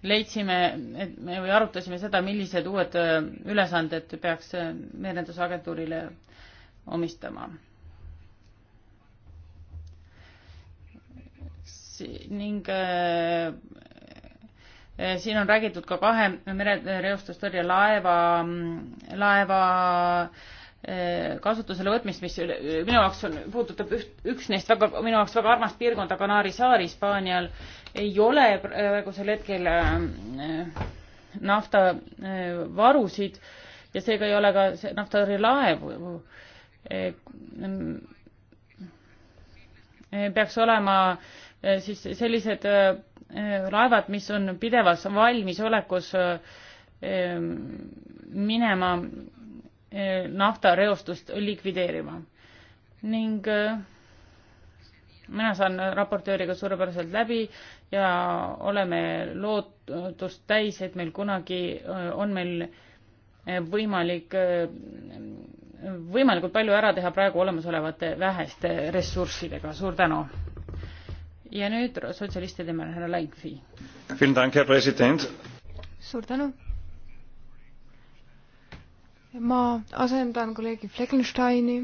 leidsime, et me või arutasime seda, millised uued ülesanded peaks merendusagentuurile omistama ning äh, äh, siin on räägitud ka kahe merereostustõrje laeva, laeva äh, kasutusele võtmist, mis minu jaoks on, puudutab üht, üks neist väga, minu jaoks väga armast piirkonda, Kanaari saar Hispaanial, ei ole praegusel hetkel naftavarusid ja seega ei ole ka naftalaevu. Mm, peaks olema äh, Äh, siis sellised äh, äh, laevad, mis on pidevas valmisolekus ähm, minema naftareostust likvideerima. ning mina saan raportööriga suurepäraselt läbi ja oleme lootust täis, et meil kunagi on meil võimalik, võimalikult palju ära teha praegu olemasolevate väheste ressurssidega. suur tänu! ja nüüd sotsialistide nimel härra Laidfi. suur tänu. ma asendan kolleegi Fleckensteini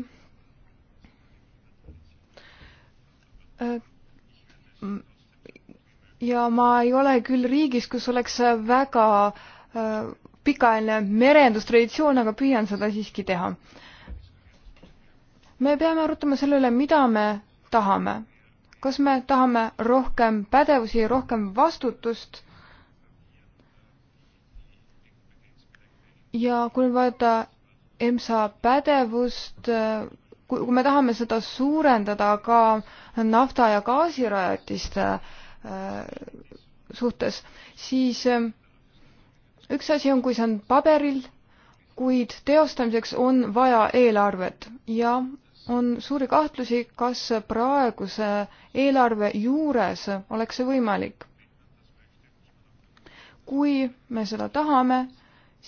äh, ja ma ei ole küll riigis, kus oleks väga äh, pikaajaline merendustraditsioon, aga püüan seda siiski teha. me peame arutama selle üle, mida me tahame kas me tahame rohkem pädevusi, rohkem vastutust? ja kui nüüd vaadata EMSA pädevust, kui me tahame seda suurendada ka nafta ja gaasirajatiste äh, suhtes, siis äh, üks asi on, kui see on paberil, kuid teostamiseks on vaja eelarvet ja on suuri kahtlusi, kas praeguse eelarve juures oleks see võimalik. kui me seda tahame,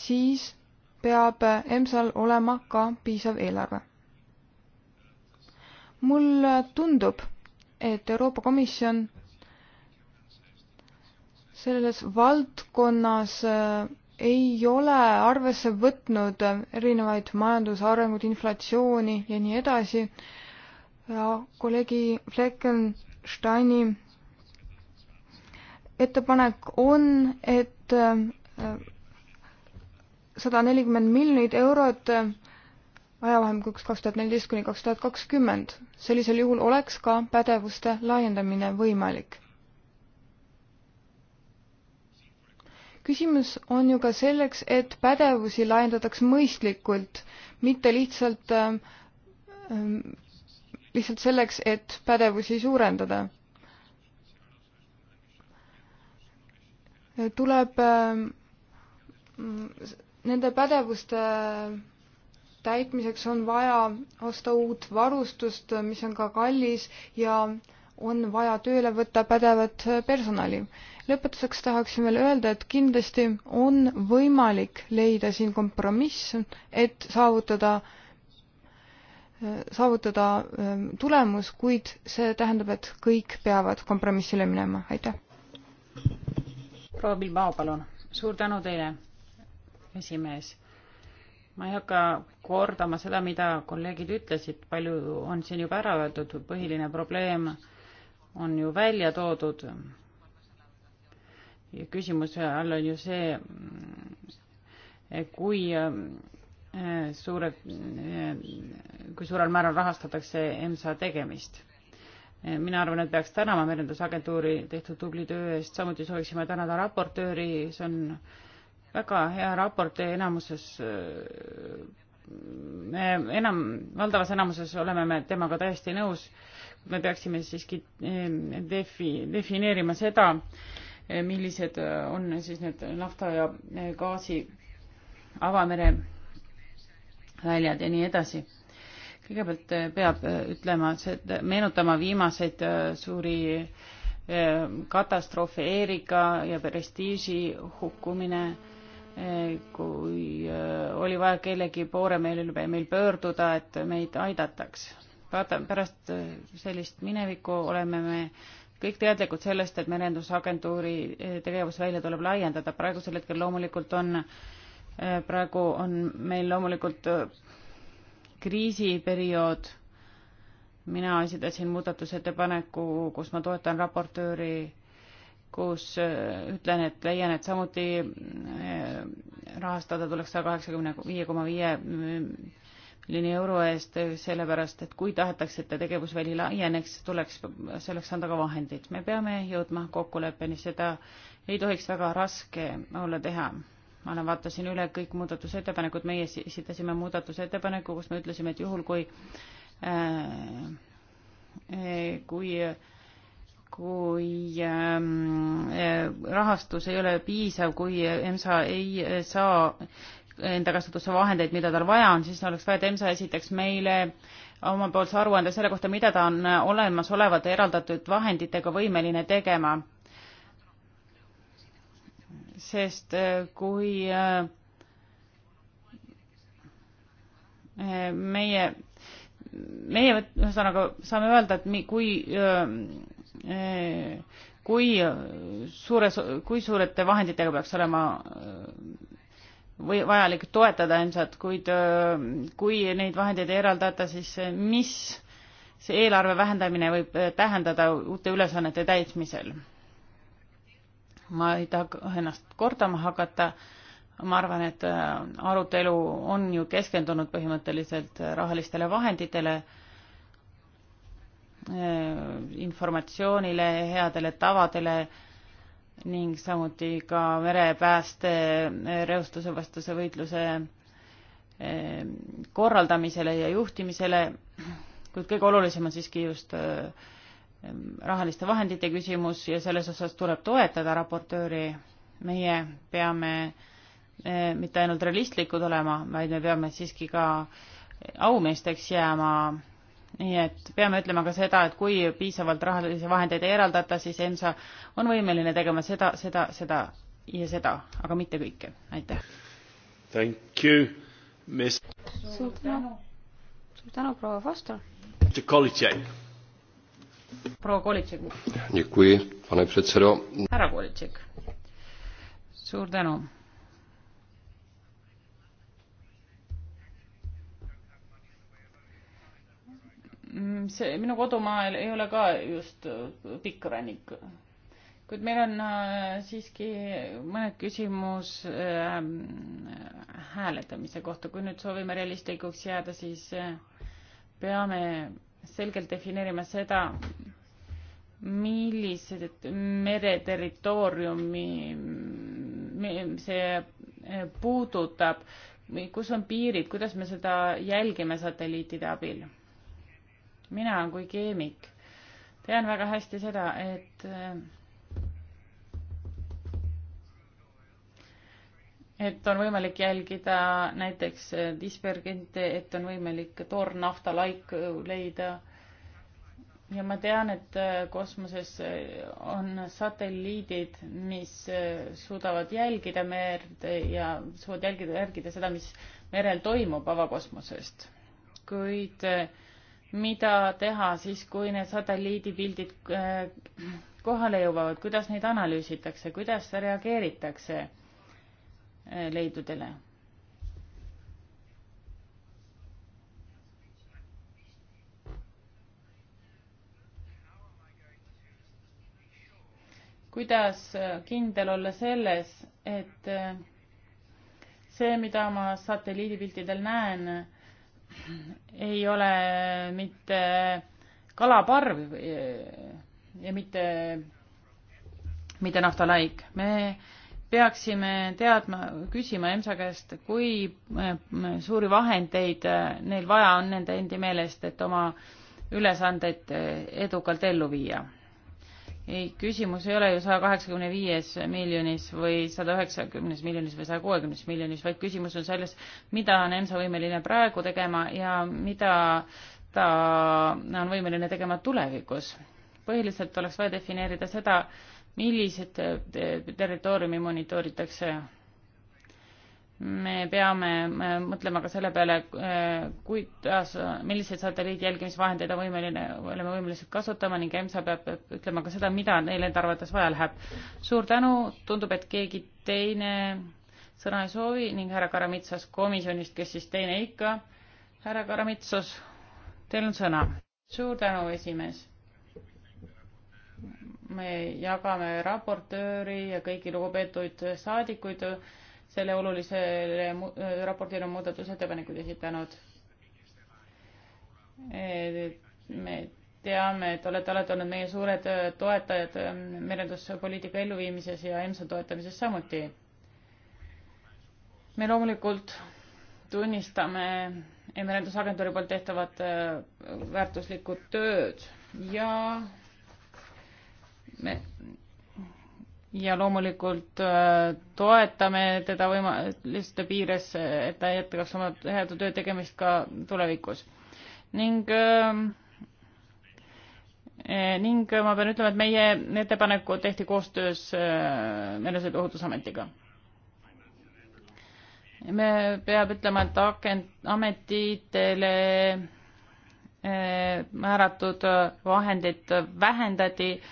siis peab EMSA-l olema ka piisav eelarve. mulle tundub, et Euroopa Komisjon selles valdkonnas ei ole arvesse võtnud erinevaid majandusarengut, inflatsiooni ja nii edasi. ja kolleegi Fleckensteini ettepanek on, et äh, sada nelikümmend miljonit eurot ajavahemikuks kaks tuhat neliteist kuni kaks tuhat kakskümmend. sellisel juhul oleks ka pädevuste laiendamine võimalik küsimus on ju ka selleks, et pädevusi laiendataks mõistlikult, mitte lihtsalt, ähm, ähm, lihtsalt selleks, et pädevusi suurendada. tuleb ähm, nende pädevuste täitmiseks on vaja osta uut varustust, mis on ka kallis ja äh, on vaja tööle võtta pädevat personali. lõpetuseks tahaksin veel öelda, et kindlasti on võimalik leida siin kompromiss, et saavutada äh, saavutada ähm, tulemus, kuid see tähendab, et kõik peavad kompromissile minema, aitäh. proua Bilbao, palun. suur tänu teile, esimees. ma ei hakka kordama seda, mida kolleegid ütlesid, palju on siin juba ära öeldud, põhiline probleem on ju välja toodud. ja küsimuse all on ju see, kui eh, suure, eh, kui suurel määral rahastatakse EMSA tegemist. Eh, mina arvan, et peaks tänama merendusagentuuri tehtud tubli töö eest, samuti sooviksime tänada raportööri, see on väga hea raport enamuses me enam, valdavas enamuses oleme me temaga täiesti nõus me peaksime siiski ehm, defi-, defineerima seda, eh, millised eh, on siis need nafta ja eh, gaasi avamere väljad ja nii edasi. kõigepealt peab ütlema, meenutama viimaseid suuri katastroofe Erika ja prestiiži hukkumine kui oli vaja kellegi poole meil, meil pöörduda, et meid aidataks vaata, pärast äh, sellist minevikku oleme me kõik teadlikud sellest, et merendusagentuuri äh, tegevus välja tuleb laiendada, praegusel hetkel loomulikult on, äh, praegu on meil loomulikult kriisiperiood, mina esitasin muudatusettepaneku, kus ma toetan raportööri, kus ütlen, et leian, et samuti rahastada tuleks saja kaheksakümne viie koma viie mm, liini euro eest, sellepärast et kui tahetakse, et ta tegevusväli laieneks, tuleks selleks anda ka vahendid. me peame jõudma kokkuleppeni, seda ei tohiks väga raske olla teha. ma olen, vaatasin üle kõik muudatusettepanekud, meie esitasime muudatusettepaneku, kus me ütlesime, et juhul kui äh, äh kui kui ähm, äh, rahastus ei ole piisav, kui EMSA ei äh, saa enda kasutusse vahendeid, mida tal vaja on, siis oleks vaja, et EMSA esitaks meile omapoolse aruande selle kohta, mida ta on olemasolevate eraldatud vahenditega võimeline tegema. sest äh, kui äh, meie, meie ühesõnaga saame öelda, et kui äh, kui suures, kui suurete vahenditega peaks olema või vajalik toetada ilmselt, kuid kui neid vahendeid ei eraldata, siis mis see eelarve vähendamine võib äh, tähendada uute ülesannete täitmisel? ma ei taha ennast kordama hakata, ma arvan, et äh, arutelu on ju keskendunud põhimõtteliselt rahalistele vahenditele, äh, informatsioonile, headele tavadele ning samuti ka merepääste reostuse vastase võitluse eh, korraldamisele ja juhtimisele, kuid kõige olulisem on siiski just eh, rahaliste vahendite küsimus ja selles osas tuleb toetada raportööri. meie peame eh, mitte ainult realistlikud olema, vaid me peame siiski ka aumeesteks jääma nii et peame ütlema ka seda, et kui piisavalt rahalisi vahendeid ei eraldata, siis EMSA on võimeline tegema seda, seda, seda ja seda, aga mitte kõike. aitäh. Thank you, miss. suur tänu. suur tänu, proua Foster. proua Kolitšek. Děkuji, pane předsedo. härra Kolitšek. suur tänu Mm, see minu kodumaa ei ole ka just äh, pikk rannik. kuid meil on äh, siiski mõned küsimus ähm, äh, hääletamise kohta, kui nüüd soovime realistlikuks jääda, siis äh, peame selgelt defineerima seda, millised mereterritooriumi see puudutab, kus on piirid, kuidas me seda jälgime satelliitide abil mina kui keemik tean väga hästi seda, et äh, et on võimalik jälgida näiteks dispergente, et on võimalik toornafta laik äh, leida. ja ma tean, et äh, kosmoses on satelliidid, mis suudavad jälgida merd ja suudavad jälgida, jälgida seda, mis merel toimub avakosmosest. kuid äh, mida teha siis, kui need satelliidipildid äh, kohale jõuavad, kuidas neid analüüsitakse, kuidas reageeritakse äh, leidudele? kuidas äh, kindel olla selles, et see, mida ma satelliidipiltidel näen, ei ole mitte kalaparv ja mitte, mitte naftalaik. me peaksime teadma, küsima EMSA käest, kui äh, suuri vahendeid äh, neil vaja on nende endi meelest, et oma ülesandeid äh, edukalt ellu viia ei, küsimus ei ole ju saja kaheksakümne viies miljonis või sada üheksakümnes miljonis või saja kuuekümnes miljonis, vaid küsimus on selles, mida on EMSA võimeline praegu tegema ja mida ta on võimeline tegema tulevikus. põhiliselt oleks vaja defineerida seda, millised territooriumi monitooritakse me peame äh, mõtlema ka selle peale, äh, kuidas, milliseid satelliidi jälgimisvahendeid on võimeline, oleme võimelised kasutama ning EMSA peab ütlema ka seda, mida neil enda arvates vaja läheb. suur tänu, tundub, et keegi teine sõna ei soovi ning härra Karamitsas komisjonist, kes siis teine ikka. härra Karamitsos, teil on sõna. suur tänu, esimees. me jagame raportööri ja kõiki lugupeetuid saadikuid selle olulisele äh, raportile on muudatusettepanekuid esitanud. me teame, et olete alati olnud meie suured äh, toetajad ähm, merenduspoliitika elluviimises ja EMSA toetamises samuti. me loomulikult tunnistame merendusagentuuri poolt tehtavat äh, väärtuslikku tööd ja me ja loomulikult äh, toetame teda võimaluste piires, et ta jätkaks oma head töö tegemist ka tulevikus. ning äh, äh, ning ma pean ütlema, et meie ettepanek tehti koostöös Meresõiduohutusametiga. me, peab ütlema, et akent, ametitele määratud vahendid vähendati äh,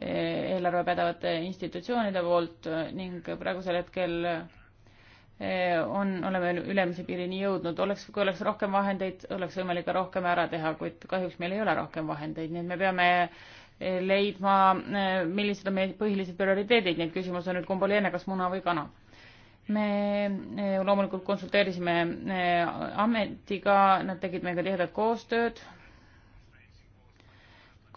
eelarve pädevate institutsioonide poolt ning praegusel hetkel eh, on, oleme ülemise piirini jõudnud, oleks, kui oleks rohkem vahendeid, oleks võimalik ka rohkem ära teha, kuid kahjuks meil ei ole rohkem vahendeid, nii et me peame eh, leidma, eh, millised on meie põhilised prioriteedid, nii et küsimus on nüüd kumb oli enne, kas muna või kana. me loomulikult konsulteerisime ametiga, nad tegid meiega tihedat koostööd,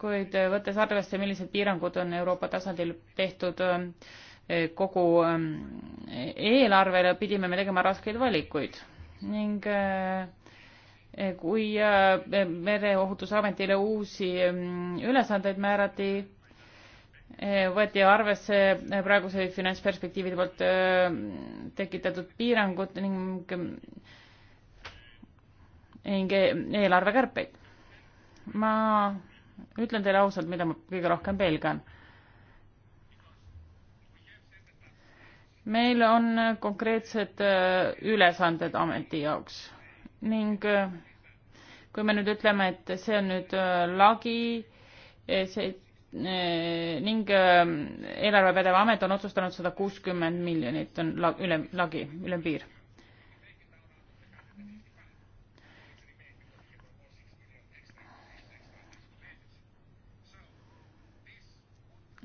kuid võttes arvesse, millised piirangud on Euroopa tasandil tehtud ähm, kogu ähm, eelarvele, pidime me tegema raskeid valikuid ning äh, kui äh, Mereohutusametile uusi ähm, ülesandeid määrati, äh, võeti arvesse praeguse finantsperspektiivide poolt tekitatud piirangud ning, ning eelarvekärpeid. ma ütlen teile ausalt, mida ma kõige rohkem pelgan. meil on konkreetsed äh, ülesanded ameti jaoks ning äh, kui me nüüd ütleme, et see on nüüd äh, lagi, see ning eelarvepädev amet on otsustanud sada kuuskümmend miljonit on üle, lagi, ülempiir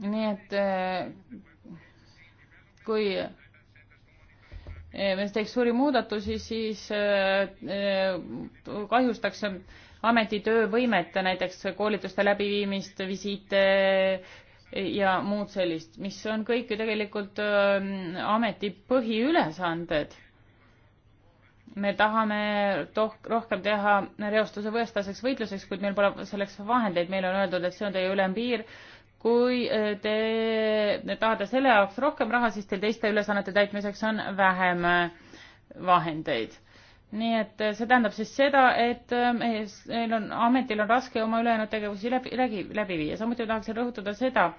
nii et eh, kui eh, me teeks suuri muudatusi, siis eh, kahjustaks ameti töövõimet, näiteks koolituste läbiviimist, visiite ja muud sellist, mis on kõik ju tegelikult ameti põhiülesanded. me tahame toh-, rohkem teha reostuse vastaseks võitluseks, kuid meil pole selleks vahendeid, meile on öeldud, et see on teie ülempiir kui eh, te tahate selle jaoks rohkem raha, siis teil teiste ülesannete täitmiseks on vähem eh, vahendeid. nii et eh, see tähendab siis seda, et meil on, ametil on raske oma ülejäänud tegevusi läbi, läbi, läbi viia. samuti tahaksin rõhutada seda,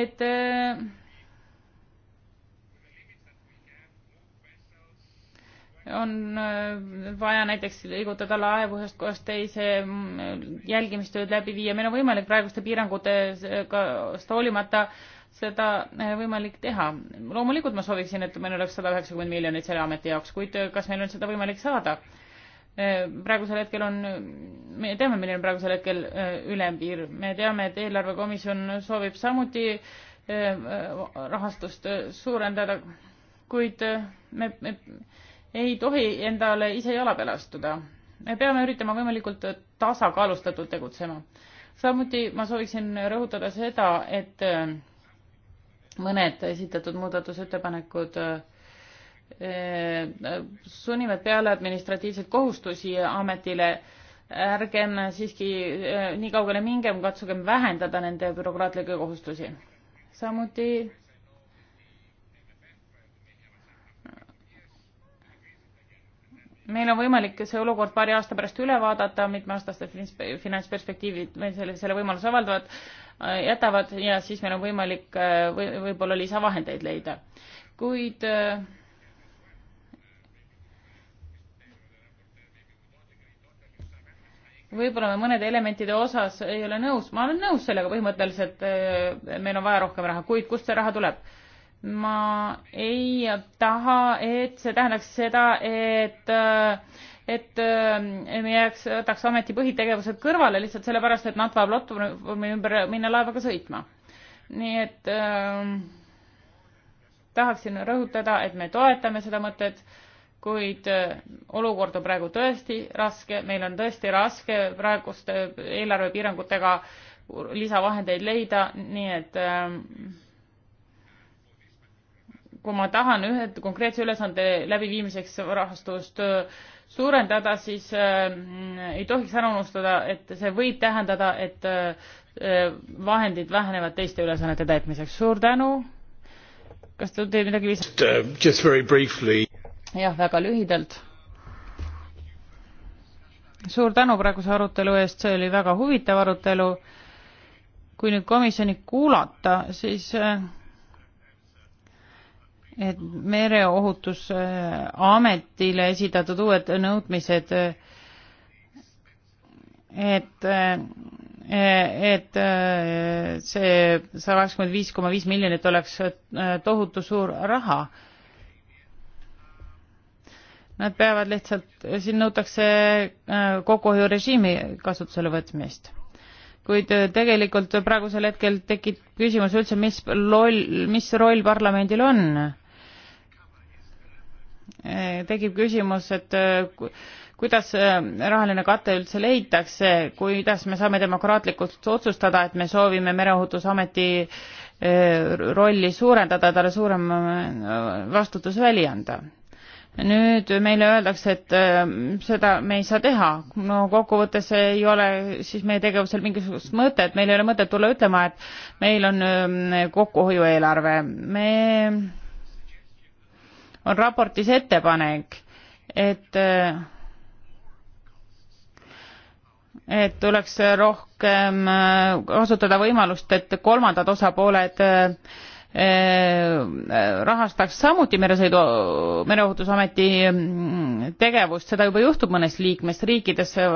et äh, on äh, vaja näiteks liigutada laevu ühest kohast teise, mm, jälgimistööd läbi viia, meil on võimalik praeguste piirangutest äh, hoolimata seda äh, võimalik teha. loomulikult ma sooviksin, et meil oleks sada üheksakümmend miljonit selle ameti jaoks, kuid kas meil on seda võimalik saada? praegusel hetkel on, me teame, milline on praegusel hetkel ülempiir, me teame, et eelarvekomisjon soovib samuti rahastust suurendada, kuid me, me ei tohi endale ise jala peale astuda. me peame üritama võimalikult tasakaalustatult tegutsema. samuti ma sooviksin rõhutada seda, et äh, mõned esitatud muudatusettepanekud äh, äh, sunnivad peale administratiivseid kohustusi ametile ärgem siiski nii kaugele mingem, katsugem vähendada nende bürokraatlikke kohustusi. samuti meil on võimalik see olukord paari aasta pärast üle vaadata, mitmeaastaste finantsperspektiivid meil selle, selle võimaluse avaldavad, äh, jätavad ja siis meil on võimalik äh, või, võib-olla lisavahendeid leida. kuid äh, võib-olla me mõnede elementide osas ei ole nõus, ma olen nõus sellega põhimõtteliselt, meil on vaja rohkem raha, kuid kust see raha tuleb? ma ei taha, et see tähendaks seda, et, et me jääks, võtaks ameti põhitegevused kõrvale lihtsalt sellepärast, et NATO platvormi ümber minna laevaga sõitma. nii et äh, tahaksin rõhutada, et me toetame seda mõtet, kuid äh, olukord on praegu tõesti raske, meil on tõesti raske praeguste eelarvepiirangutega lisavahendeid leida, nii et äh, kui ma tahan ühe konkreetse ülesande läbiviimiseks rahastust äh, suurendada, siis äh, ei tohiks ära unustada, et see võib tähendada, et äh, vahendid vähenevad teiste ülesannete täitmiseks. suur tänu. kas te teil midagi lisada? Uh, jah, väga lühidalt. suur tänu praeguse arutelu eest, see oli väga huvitav arutelu. kui nüüd komisjoni kuulata, siis äh, et mereohutusametile esitatud uued nõudmised, et, et see sada kakskümmend viis koma viis miljonit oleks tohutu suur raha. Nad peavad lihtsalt, siin nõutakse kokkuhoiurežiimi kasutusele võtmist kuid tegelikult praegusel hetkel tekib küsimus üldse, mis loll, mis roll parlamendil on Eh, tekib küsimus, et eh, kuidas eh, rahaline kate üldse leitakse, kuidas me saame demokraatlikult otsustada, et me soovime Mereohutusameti rolli suurendada, talle suurem vastutus välja anda. nüüd meile öeldakse, et seda me ei saa teha. no kokkuvõttes ei ole siis meie tegevusel mingisugust mõtet, meil ei ole mõtet tulla ütlema, et meil on kokkuhoiueelarve. me on raportis ettepanek, et et tuleks rohkem äh, kasutada võimalust, et kolmandad osapooled äh, Äh, rahastaks samuti meresõidu, mereohutusameti mm, tegevust, seda juba juhtub mõnes liikmesriikides ja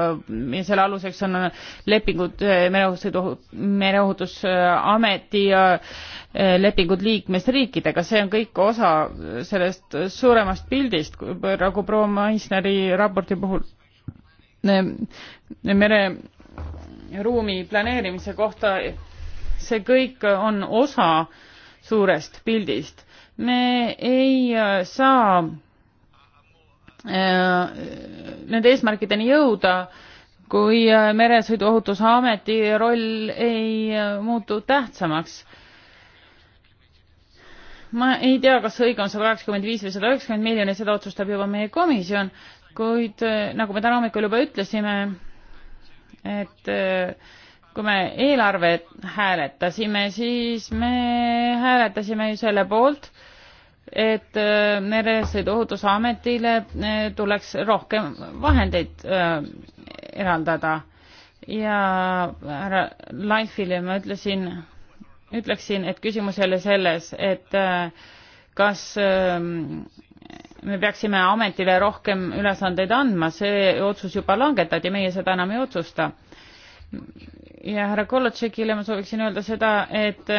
selle aluseks on lepingud äh, mereohutussõidu, mereohutusameti äh, lepingud liikmesriikidega, see on kõik osa sellest suuremast pildist, nagu proua Meissneri raporti puhul mereruumi planeerimise kohta, see kõik on osa äh, suurest pildist. me ei äh, saa äh, nende eesmärkideni jõuda, kui äh, Meresõiduohutusameti roll ei muutu tähtsamaks. ma ei tea, kas õige on sada kaheksakümmend viis või sada üheksakümmend miljonit, seda otsustab juba meie komisjon, kuid nagu me täna hommikul juba ütlesime, et äh, kui me eelarvet hääletasime, siis me hääletasime ju selle poolt, et äh, Meresõiduohutusametile äh, tuleks rohkem vahendeid äh, eraldada ja härra Laifile ma ütlesin, ütleksin, et küsimus ei ole selles, et kas ähm, me peaksime ametile rohkem ülesandeid andma, see otsus juba langetati, meie seda enam ei otsusta ja härra Kolotšekile ma sooviksin öelda seda, et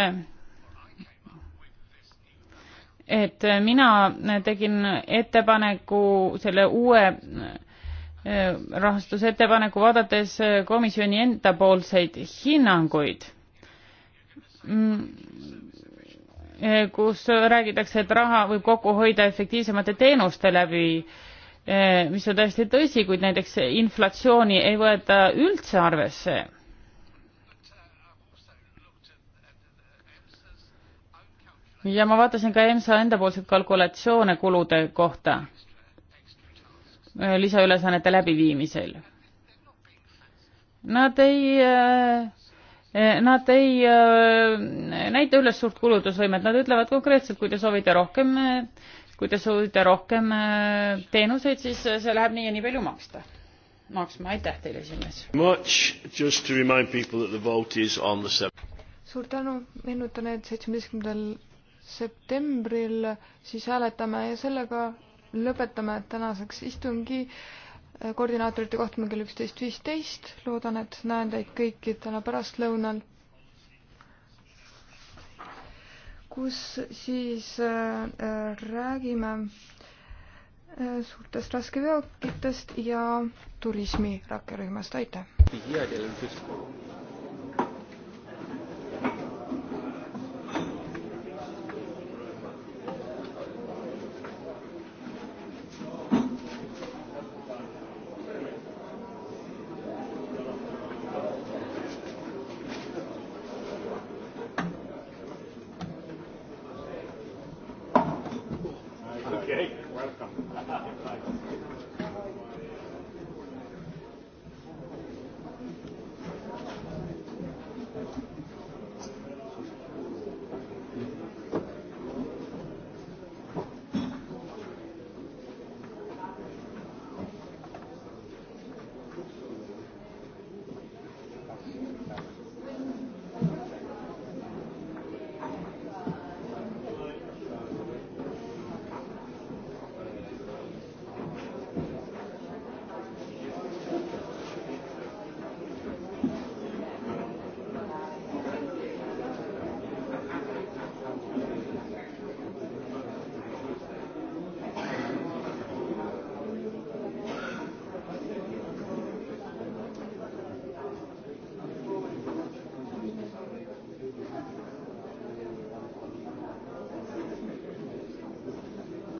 et mina tegin ettepaneku selle uue eh, rahastusettepaneku vaadates komisjoni endapoolseid hinnanguid, mm, eh, kus räägitakse, et raha võib kokku hoida efektiivsemate teenuste läbi, eh, mis on täiesti tõsi, kuid näiteks inflatsiooni ei võeta üldse arvesse ja ma vaatasin ka EMSA endapoolseid kalkulatsioone kulude kohta äh, lisaülesannete läbiviimisel. Nad ei, äh, äh, nad ei näita üles suurt kulutusvõimet, nad ütlevad konkreetselt, kui te soovite rohkem, kui te soovite rohkem teenuseid, siis see läheb nii ja nii palju maksta, maksma. aitäh teile, esimees. suur tänu, meenutan, et seitsmeteistkümnendal septembril siis hääletame ja sellega lõpetame tänaseks istungi koordinaatorite kohtume kell üksteist viisteist. loodan, et näen teid kõiki täna pärastlõunal, kus siis äh, äh räägime äh, suurtest raskeveokitest ja turismi rakkerühmast. aitäh!